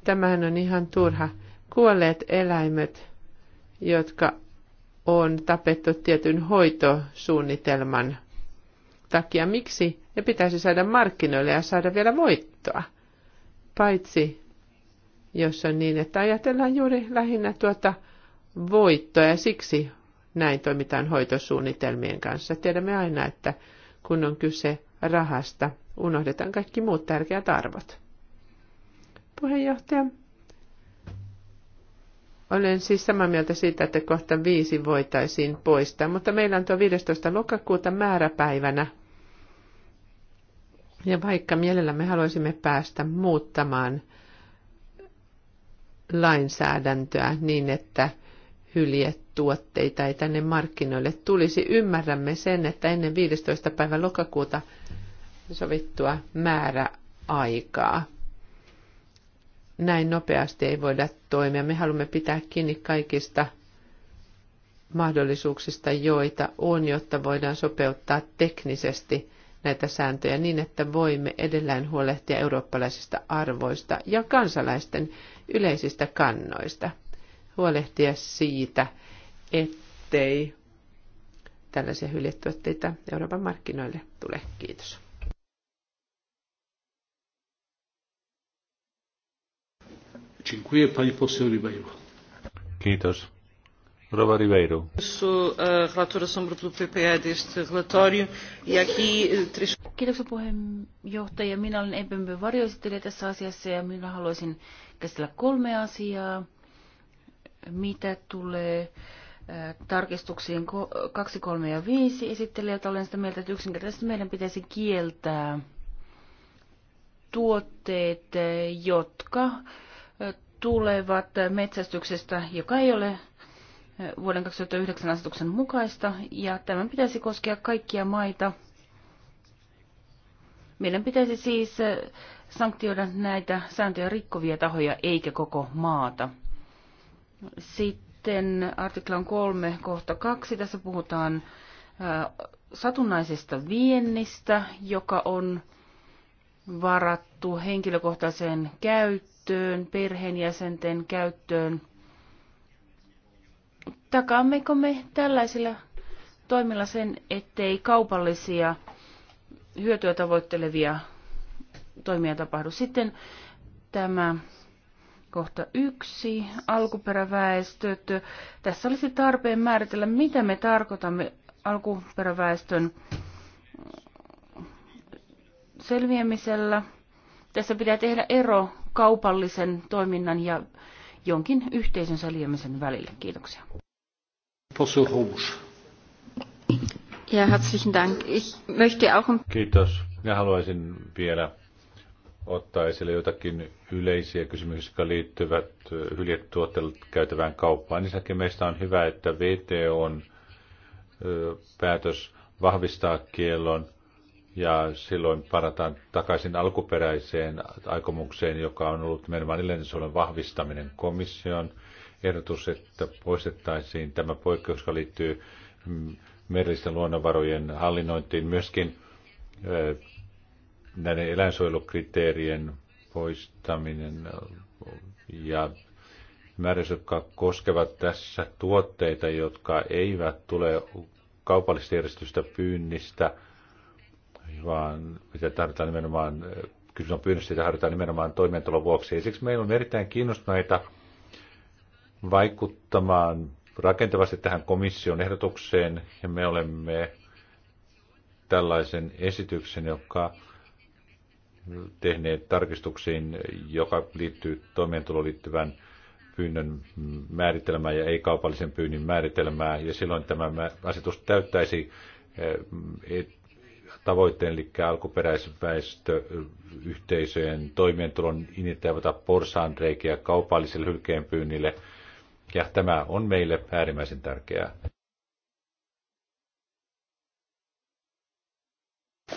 Tämähän on ihan turha. Kuolleet eläimet, jotka on tapettu tietyn hoitosuunnitelman takia, miksi ne pitäisi saada markkinoille ja saada vielä voittoa? Paitsi jos on niin, että ajatellaan juuri lähinnä tuota voittoa ja siksi näin toimitaan hoitosuunnitelmien kanssa. Tiedämme aina, että kun on kyse rahasta. Unohdetaan kaikki muut tärkeät arvot. Puheenjohtaja, olen siis samaa mieltä siitä, että kohta viisi voitaisiin poistaa, mutta meillä on tuo 15. lokakuuta määräpäivänä. Ja vaikka mielellämme haluaisimme päästä muuttamaan lainsäädäntöä niin, että hyljet tuotteita ei tänne markkinoille tulisi. Ymmärrämme sen, että ennen 15. päivä lokakuuta sovittua määräaikaa. Näin nopeasti ei voida toimia. Me haluamme pitää kiinni kaikista mahdollisuuksista, joita on, jotta voidaan sopeuttaa teknisesti näitä sääntöjä niin, että voimme edelleen huolehtia eurooppalaisista arvoista ja kansalaisten yleisistä kannoista. Huolehtia siitä, ettei tällaisia hyljetuotteita Euroopan markkinoille tule. Kiitos. Kiitos. Rova Ribeiro. E, e e Kiitoksia puheenjohtaja. Minä olen EPMB varjoesittelijä tässä asiassa ja minä haluaisin käsitellä kolme asiaa. Mitä tulee tarkistuksiin 2, 3 ja 5 esittelijät olen sitä mieltä, että yksinkertaisesti meidän pitäisi kieltää tuotteet, jotka tulevat metsästyksestä, joka ei ole vuoden 2009 asetuksen mukaista, ja tämän pitäisi koskea kaikkia maita. Meidän pitäisi siis sanktioida näitä sääntöjä rikkovia tahoja, eikä koko maata. Sitten sitten artiklan 3 kohta 2. Tässä puhutaan satunnaisesta viennistä, joka on varattu henkilökohtaiseen käyttöön, perheenjäsenten käyttöön. Takaammeko me tällaisilla toimilla sen, ettei kaupallisia hyötyä tavoittelevia toimia tapahdu? Sitten tämä Kohta yksi, alkuperäväestöt. Tässä olisi tarpeen määritellä, mitä me tarkoitamme alkuperäväestön selviämisellä. Tässä pitää tehdä ero kaupallisen toiminnan ja jonkin yhteisön selviämisen välillä. Kiitoksia. Ja herzlichen Dank. Ich möchte auch... Kiitos. Ja haluaisin vielä ottaa esille jotakin yleisiä kysymyksiä, jotka liittyvät hyljetuotteilla käytävään kauppaan. Ensinnäkin meistä on hyvä, että VTO on päätös vahvistaa kielon ja silloin parataan takaisin alkuperäiseen aikomukseen, joka on ollut nimenomaan yleinen vahvistaminen komission ehdotus, että poistettaisiin tämä poikkeus, joka liittyy mm, merellisten luonnonvarojen hallinnointiin myöskin näiden eläinsuojelukriteerien poistaminen ja määräys, jotka koskevat tässä tuotteita, jotka eivät tule kaupallista järjestystä pyynnistä, vaan mitä tarvitaan nimenomaan, kysymys on pyynnistä, sitä tarvitaan nimenomaan toimeentulon vuoksi. Ja siksi meillä on erittäin kiinnostuneita vaikuttamaan rakentavasti tähän komission ehdotukseen, ja me olemme tällaisen esityksen, joka tehneet tarkistuksiin, joka liittyy toimeentuloon liittyvän pyynnön määritelmään ja ei-kaupallisen pyynnin määritelmään, ja silloin tämä asetus täyttäisi eh, tavoitteen, eli alkuperäisväestöyhteisöjen eh, toimeentulon innittävätä niin porsaanreikiä kaupalliselle hylkeenpyynnille, ja tämä on meille äärimmäisen tärkeää.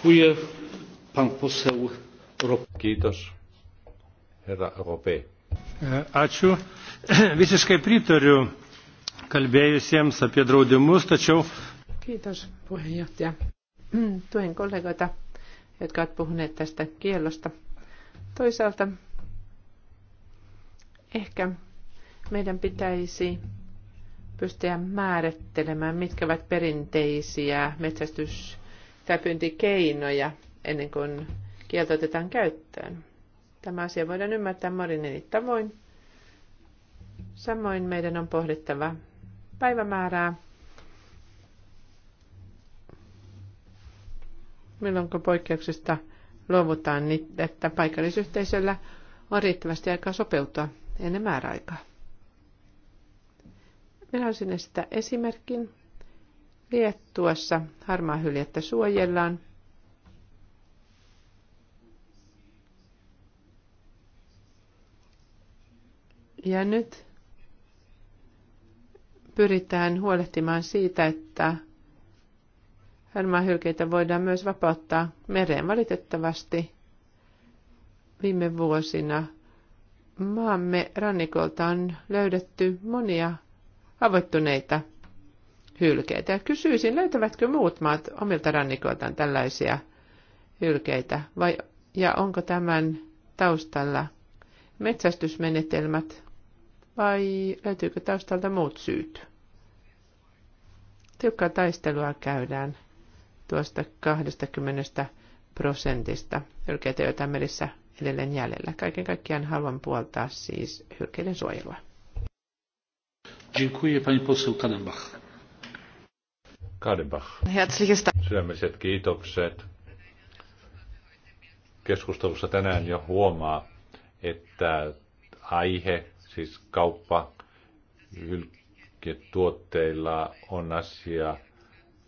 Dziękuję. Pan poseł Kiitos, herra Rope. Ačiū. Visiškai pritariu kalbėjusiems apie draudimus, tačiau... Kiitos, puheenjohtaja. Tuen kollegoita, jotka ovat puhuneet tästä kiellosta. Toisaalta ehkä meidän pitäisi pystyä määrittelemään, mitkä ovat perinteisiä metsästys- tai pyyntikeinoja ennen kuin kielto otetaan käyttöön. Tämä asia voidaan ymmärtää Marinini tavoin. Samoin meidän on pohdittava päivämäärää, milloin poikkeuksista luovutaan, niin että paikallisyhteisöllä on riittävästi aikaa sopeutua ennen määräaikaa. Minä haluaisin esittää esimerkin. Liettuassa hyljettä suojellaan – Ja nyt pyritään huolehtimaan siitä, että härmähylkeitä voidaan myös vapauttaa mereen. Valitettavasti viime vuosina maamme rannikolta on löydetty monia avoittuneita hylkeitä. Ja kysyisin, löytävätkö muut maat omilta rannikoiltaan tällaisia hylkeitä vai, ja onko tämän taustalla metsästysmenetelmät vai löytyykö taustalta muut syyt? Tiukkaa taistelua käydään tuosta 20 prosentista hylkeitä, joita merissä edelleen jäljellä. Kaiken kaikkiaan haluan puoltaa siis hylkeiden suojelua. Dziękuję pani poseł Kadenbach. Kadenbach. Sydämiset kiitokset. Keskustelussa tänään jo huomaa, että aihe siis kauppa tuotteilla on asia,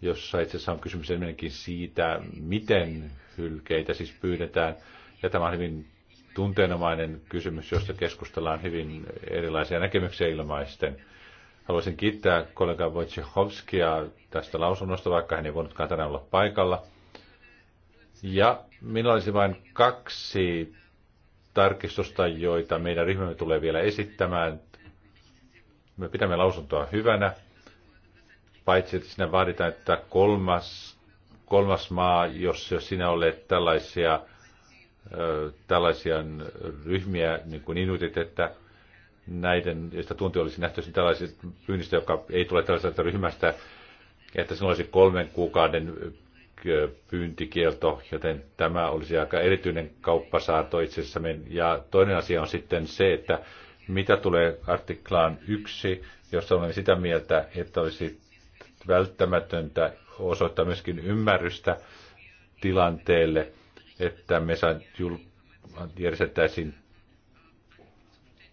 jossa itse asiassa on kysymys enemmänkin siitä, miten hylkeitä siis pyydetään. Ja tämä on hyvin tunteenomainen kysymys, josta keskustellaan hyvin erilaisia näkemyksiä ilmaisten. Haluaisin kiittää kollega Wojciechowskia tästä lausunnosta, vaikka hän ei voinutkaan tänään olla paikalla. Ja minulla olisi vain kaksi tarkistusta, joita meidän ryhmämme tulee vielä esittämään. Me pidämme lausuntoa hyvänä, paitsi että siinä vaaditaan, että kolmas, kolmas maa, jos, jos sinä olet tällaisia, äh, tällaisia ryhmiä, niin kuin inutit, että näiden, joista tunti olisi nähty tällaiset pyynnistä, joka ei tule tällaisesta ryhmästä, että sinulla olisi kolmen kuukauden pyyntikielto, joten tämä olisi aika erityinen kauppasaarto asiassa. Ja toinen asia on sitten se, että mitä tulee artiklaan yksi, jossa olen sitä mieltä, että olisi välttämätöntä osoittaa myöskin ymmärrystä tilanteelle, että me järjestettäisiin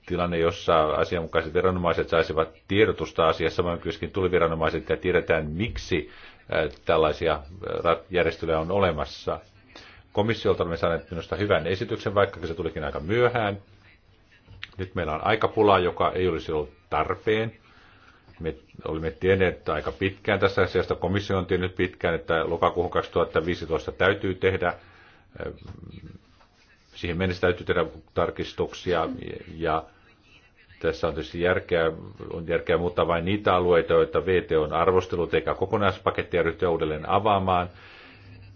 tilanne, jossa asianmukaiset viranomaiset saisivat tiedotusta asiassa, vaan myöskin tuliviranomaiset ja tiedetään, miksi tällaisia järjestelyjä on olemassa. Komissiolta olemme saaneet minusta hyvän esityksen, vaikka se tulikin aika myöhään. Nyt meillä on aikapula, joka ei olisi ollut tarpeen. Me olimme tienneet aika pitkään tässä asiasta, komissio on tiennyt pitkään, että lokakuuhun 2015 täytyy tehdä, siihen mennessä täytyy tehdä tarkistuksia ja tässä on tietysti järkeä, on järkeä muuttaa vain niitä alueita, joita VT on arvostellut, eikä kokonaispakettia ryhtyä uudelleen avaamaan.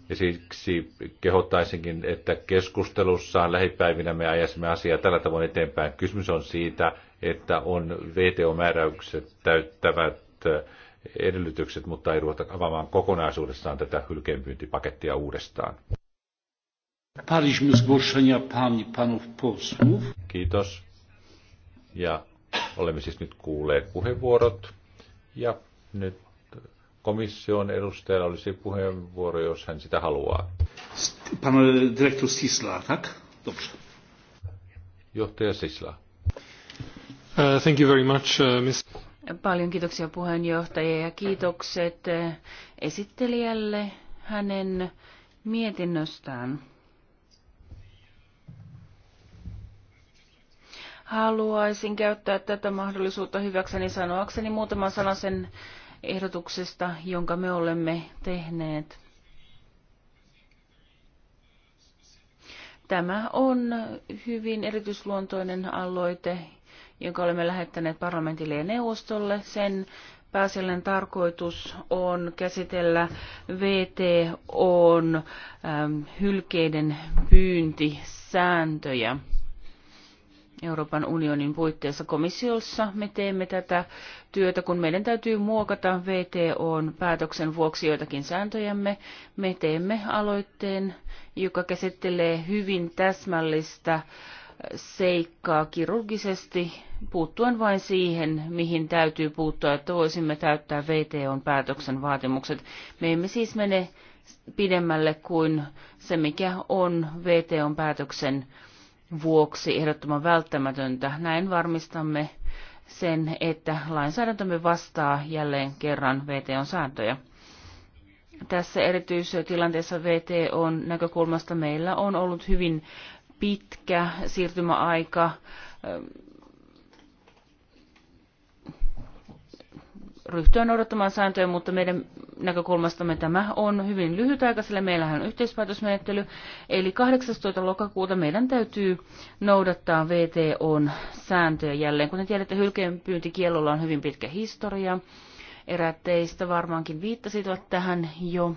Ja siksi kehottaisinkin, että keskustelussaan lähipäivinä me ajaisimme asiaa tällä tavoin eteenpäin. Kysymys on siitä, että on VTO-määräykset täyttävät eh, edellytykset, mutta ei ruveta avaamaan kokonaisuudessaan tätä hylkeenpyyntipakettia uudestaan. Kiitos. Ja olemme siis nyt kuulleet puheenvuorot. Ja nyt komission edustajalla olisi puheenvuoro, jos hän sitä haluaa. Pan direktor Sisla, tak? Dobrze. Johtaja Sisla. Uh, thank you very much, uh, miss. Paljon kiitoksia puheenjohtaja ja kiitokset esittelijälle hänen mietinnöstään. Haluaisin käyttää tätä mahdollisuutta hyväkseni sanoakseni muutaman sanan sen ehdotuksesta, jonka me olemme tehneet. Tämä on hyvin erityisluontoinen aloite, jonka olemme lähettäneet parlamentille ja neuvostolle. Sen pääasiallinen tarkoitus on käsitellä VTOn hylkeiden pyyntisääntöjä. Euroopan unionin puitteissa komissiossa. Me teemme tätä työtä, kun meidän täytyy muokata VTOn päätöksen vuoksi joitakin sääntöjämme. Me teemme aloitteen, joka käsittelee hyvin täsmällistä seikkaa kirurgisesti, puuttuen vain siihen, mihin täytyy puuttua, että voisimme täyttää VTOn päätöksen vaatimukset. Me emme siis mene pidemmälle kuin se, mikä on VTOn päätöksen vuoksi ehdottoman välttämätöntä. Näin varmistamme sen, että lainsäädäntömme vastaa jälleen kerran VTOn sääntöjä. Tässä erityistilanteessa VTOn näkökulmasta meillä on ollut hyvin pitkä siirtymäaika ryhtyä noudattamaan sääntöjä, mutta meidän näkökulmastamme tämä on hyvin lyhytaika, sillä meillähän on yhteispäätösmenettely. Eli 18. lokakuuta meidän täytyy noudattaa VTOn sääntöjä jälleen. Kuten tiedätte, hylkeenpyyntikielolla on hyvin pitkä historia. Eräät teistä varmaankin viittasivat tähän jo.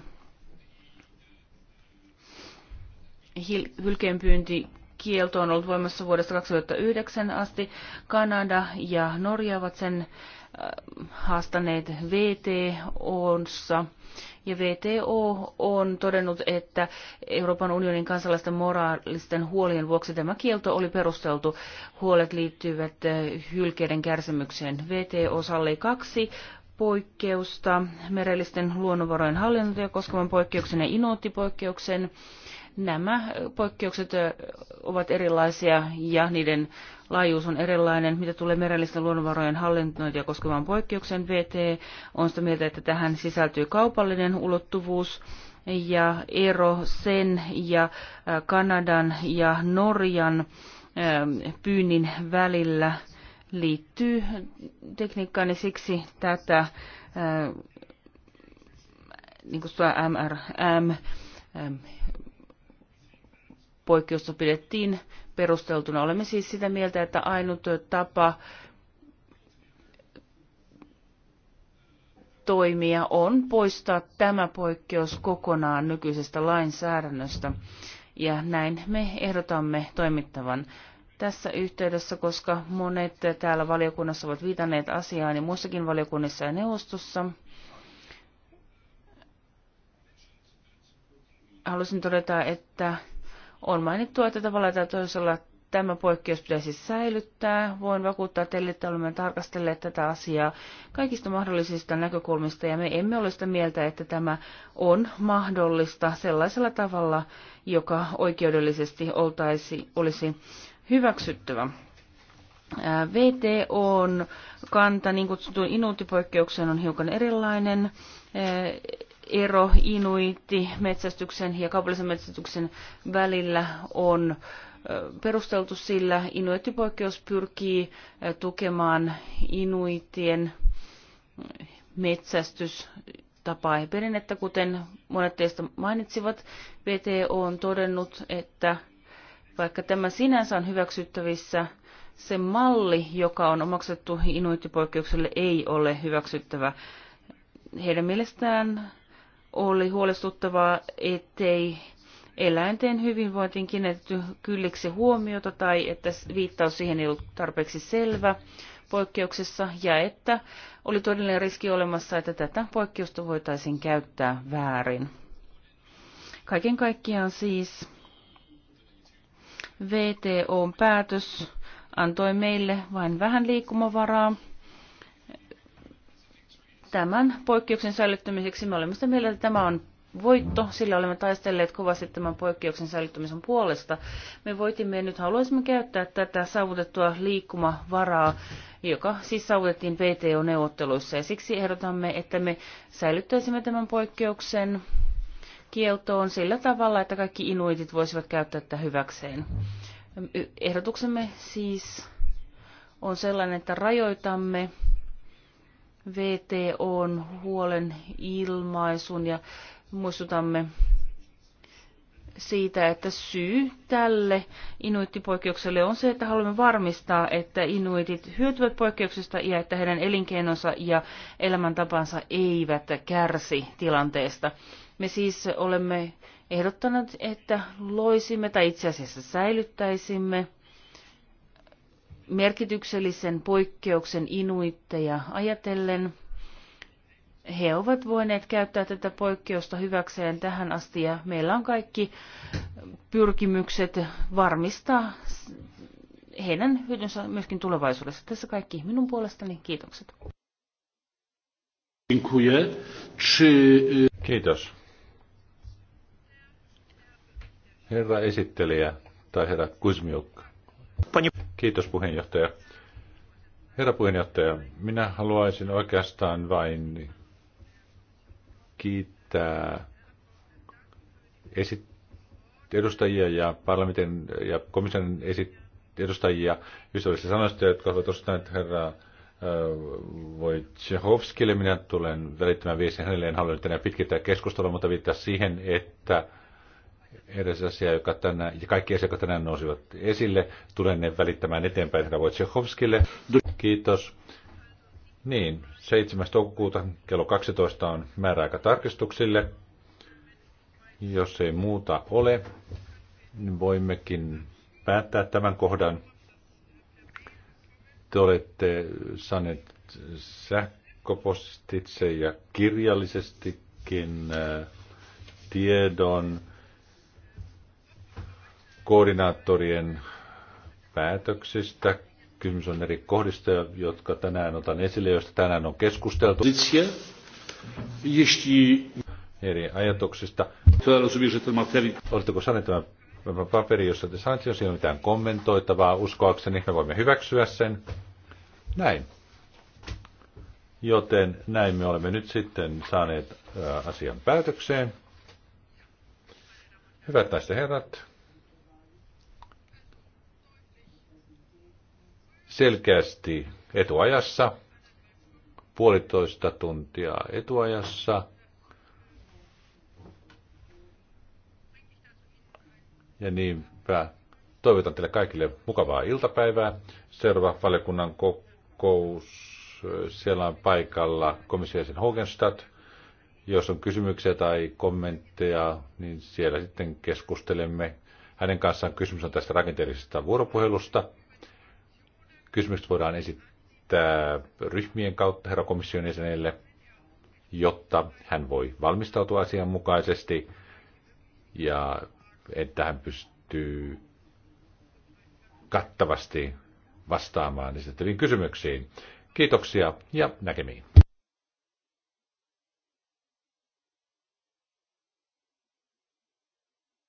Hylkeenpyynti kielto on ollut voimassa vuodesta 2009 asti. Kanada ja Norja ovat sen haastaneet WTOssa Ja VTO on todennut, että Euroopan unionin kansalaisten moraalisten huolien vuoksi tämä kielto oli perusteltu. Huolet liittyvät eh, hylkeiden kärsimykseen. VTO sallii kaksi poikkeusta, merellisten luonnonvarojen hallinnointia koskevan poikkeuksen ja inoottipoikkeuksen nämä poikkeukset ovat erilaisia ja niiden laajuus on erilainen. Mitä tulee merellisten luonnonvarojen hallinnointia koskevaan poikkeuksen VT on sitä mieltä, että tähän sisältyy kaupallinen ulottuvuus ja ero sen ja Kanadan ja Norjan pyynnin välillä liittyy tekniikkaan ja siksi tätä niin kuin MRM poikkeusta pidettiin perusteltuna. Olemme siis sitä mieltä, että ainut tapa toimia on poistaa tämä poikkeus kokonaan nykyisestä lainsäädännöstä. Ja näin me ehdotamme toimittavan tässä yhteydessä, koska monet täällä valiokunnassa ovat viitanneet asiaan ja muissakin valiokunnissa ja neuvostossa. Haluaisin todeta, että on mainittu, että tavalla tämä toisella tämä poikkeus pitäisi säilyttää. Voin vakuuttaa teille, että olemme tarkastelleet tätä asiaa kaikista mahdollisista näkökulmista ja me emme ole sitä mieltä, että tämä on mahdollista sellaisella tavalla, joka oikeudellisesti oltaisi, olisi hyväksyttävä. VTOn kanta niin kutsutun inuutipoikkeukseen on hiukan erilainen ero inuitti metsästyksen ja kaupallisen metsästyksen välillä on perusteltu sillä inuittipoikkeus pyrkii tukemaan inuitien metsästystapaa ja perinnettä, kuten monet teistä mainitsivat. VTO on todennut, että vaikka tämä sinänsä on hyväksyttävissä, se malli, joka on omaksettu inuittipoikkeukselle, ei ole hyväksyttävä. Heidän mielestään oli huolestuttavaa, ettei eläinten hyvinvointiin kiinnitetty kylliksi huomiota tai että viittaus siihen ei ollut tarpeeksi selvä poikkeuksessa ja että oli todellinen riski olemassa, että tätä poikkeusta voitaisiin käyttää väärin. Kaiken kaikkiaan siis VTOn päätös antoi meille vain vähän liikkumavaraa tämän poikkeuksen säilyttämiseksi. Me olemme sitä mieltä, että tämä on voitto, sillä olemme taistelleet kovasti tämän poikkeuksen säilyttämisen puolesta. Me voitimme ja nyt haluaisimme käyttää tätä saavutettua liikkumavaraa, joka siis saavutettiin VTO-neuvotteluissa. Ja siksi ehdotamme, että me säilyttäisimme tämän poikkeuksen kieltoon sillä tavalla, että kaikki inuitit voisivat käyttää tätä hyväkseen. Ehdotuksemme siis on sellainen, että rajoitamme VTOn huolen ilmaisun ja muistutamme siitä, että syy tälle inuittipoikkeukselle on se, että haluamme varmistaa, että inuitit hyötyvät poikkeuksesta ja että heidän elinkeinonsa ja elämäntapansa eivät kärsi tilanteesta. Me siis olemme ehdottaneet, että loisimme tai itse asiassa säilyttäisimme merkityksellisen poikkeuksen inuitteja ajatellen. He ovat voineet käyttää tätä poikkeusta hyväkseen tähän asti ja meillä on kaikki pyrkimykset varmistaa heidän hyödynsä myöskin tulevaisuudessa. Tässä kaikki minun puolestani. Kiitokset. Kiitos. Herra esittelijä tai herra Kuzmiuk. Kiitos puheenjohtaja. Herra puheenjohtaja, minä haluaisin oikeastaan vain kiittää esit- edustajia ja parlamentin ja komission esit- edustajia ystävällisistä sanoista, jotka ovat ostaneet herra Wojciechowskille. Minä tulen välittämään viestin hänelle, en halua tänään pitkittää keskustelua, mutta viittaa siihen, että edes asia, joka tänään, ja kaikki asiat, jotka tänään nousivat esille, tulen ne välittämään eteenpäin herra Wojciechowskille. Kiitos. Niin, 7. toukokuuta kello 12 on määräaika tarkistuksille. Jos ei muuta ole, niin voimmekin päättää tämän kohdan. Te olette saaneet sähköpostitse ja kirjallisestikin äh, tiedon koordinaattorien päätöksistä. Kysymys on eri kohdista, jotka tänään otan esille, joista tänään on keskusteltu. Eri ajatuksista. Oletteko saaneet tämän paperi, jossa te saatte jos ei ole mitään kommentoitavaa, uskoakseni me voimme hyväksyä sen. Näin. Joten näin me olemme nyt sitten saaneet asian päätökseen. Hyvät naiset herrat, selkeästi etuajassa, puolitoista tuntia etuajassa. Ja niinpä toivotan teille kaikille mukavaa iltapäivää. Seuraava valiokunnan kokous, siellä on paikalla komissiaisen Hogenstad. Jos on kysymyksiä tai kommentteja, niin siellä sitten keskustelemme. Hänen kanssaan kysymys on tästä rakenteellisesta vuoropuhelusta. Kysymykset voidaan esittää ryhmien kautta herra komission jäsenelle, jotta hän voi valmistautua asianmukaisesti ja että hän pystyy kattavasti vastaamaan esitettäviin kysymyksiin. Kiitoksia ja näkemiin.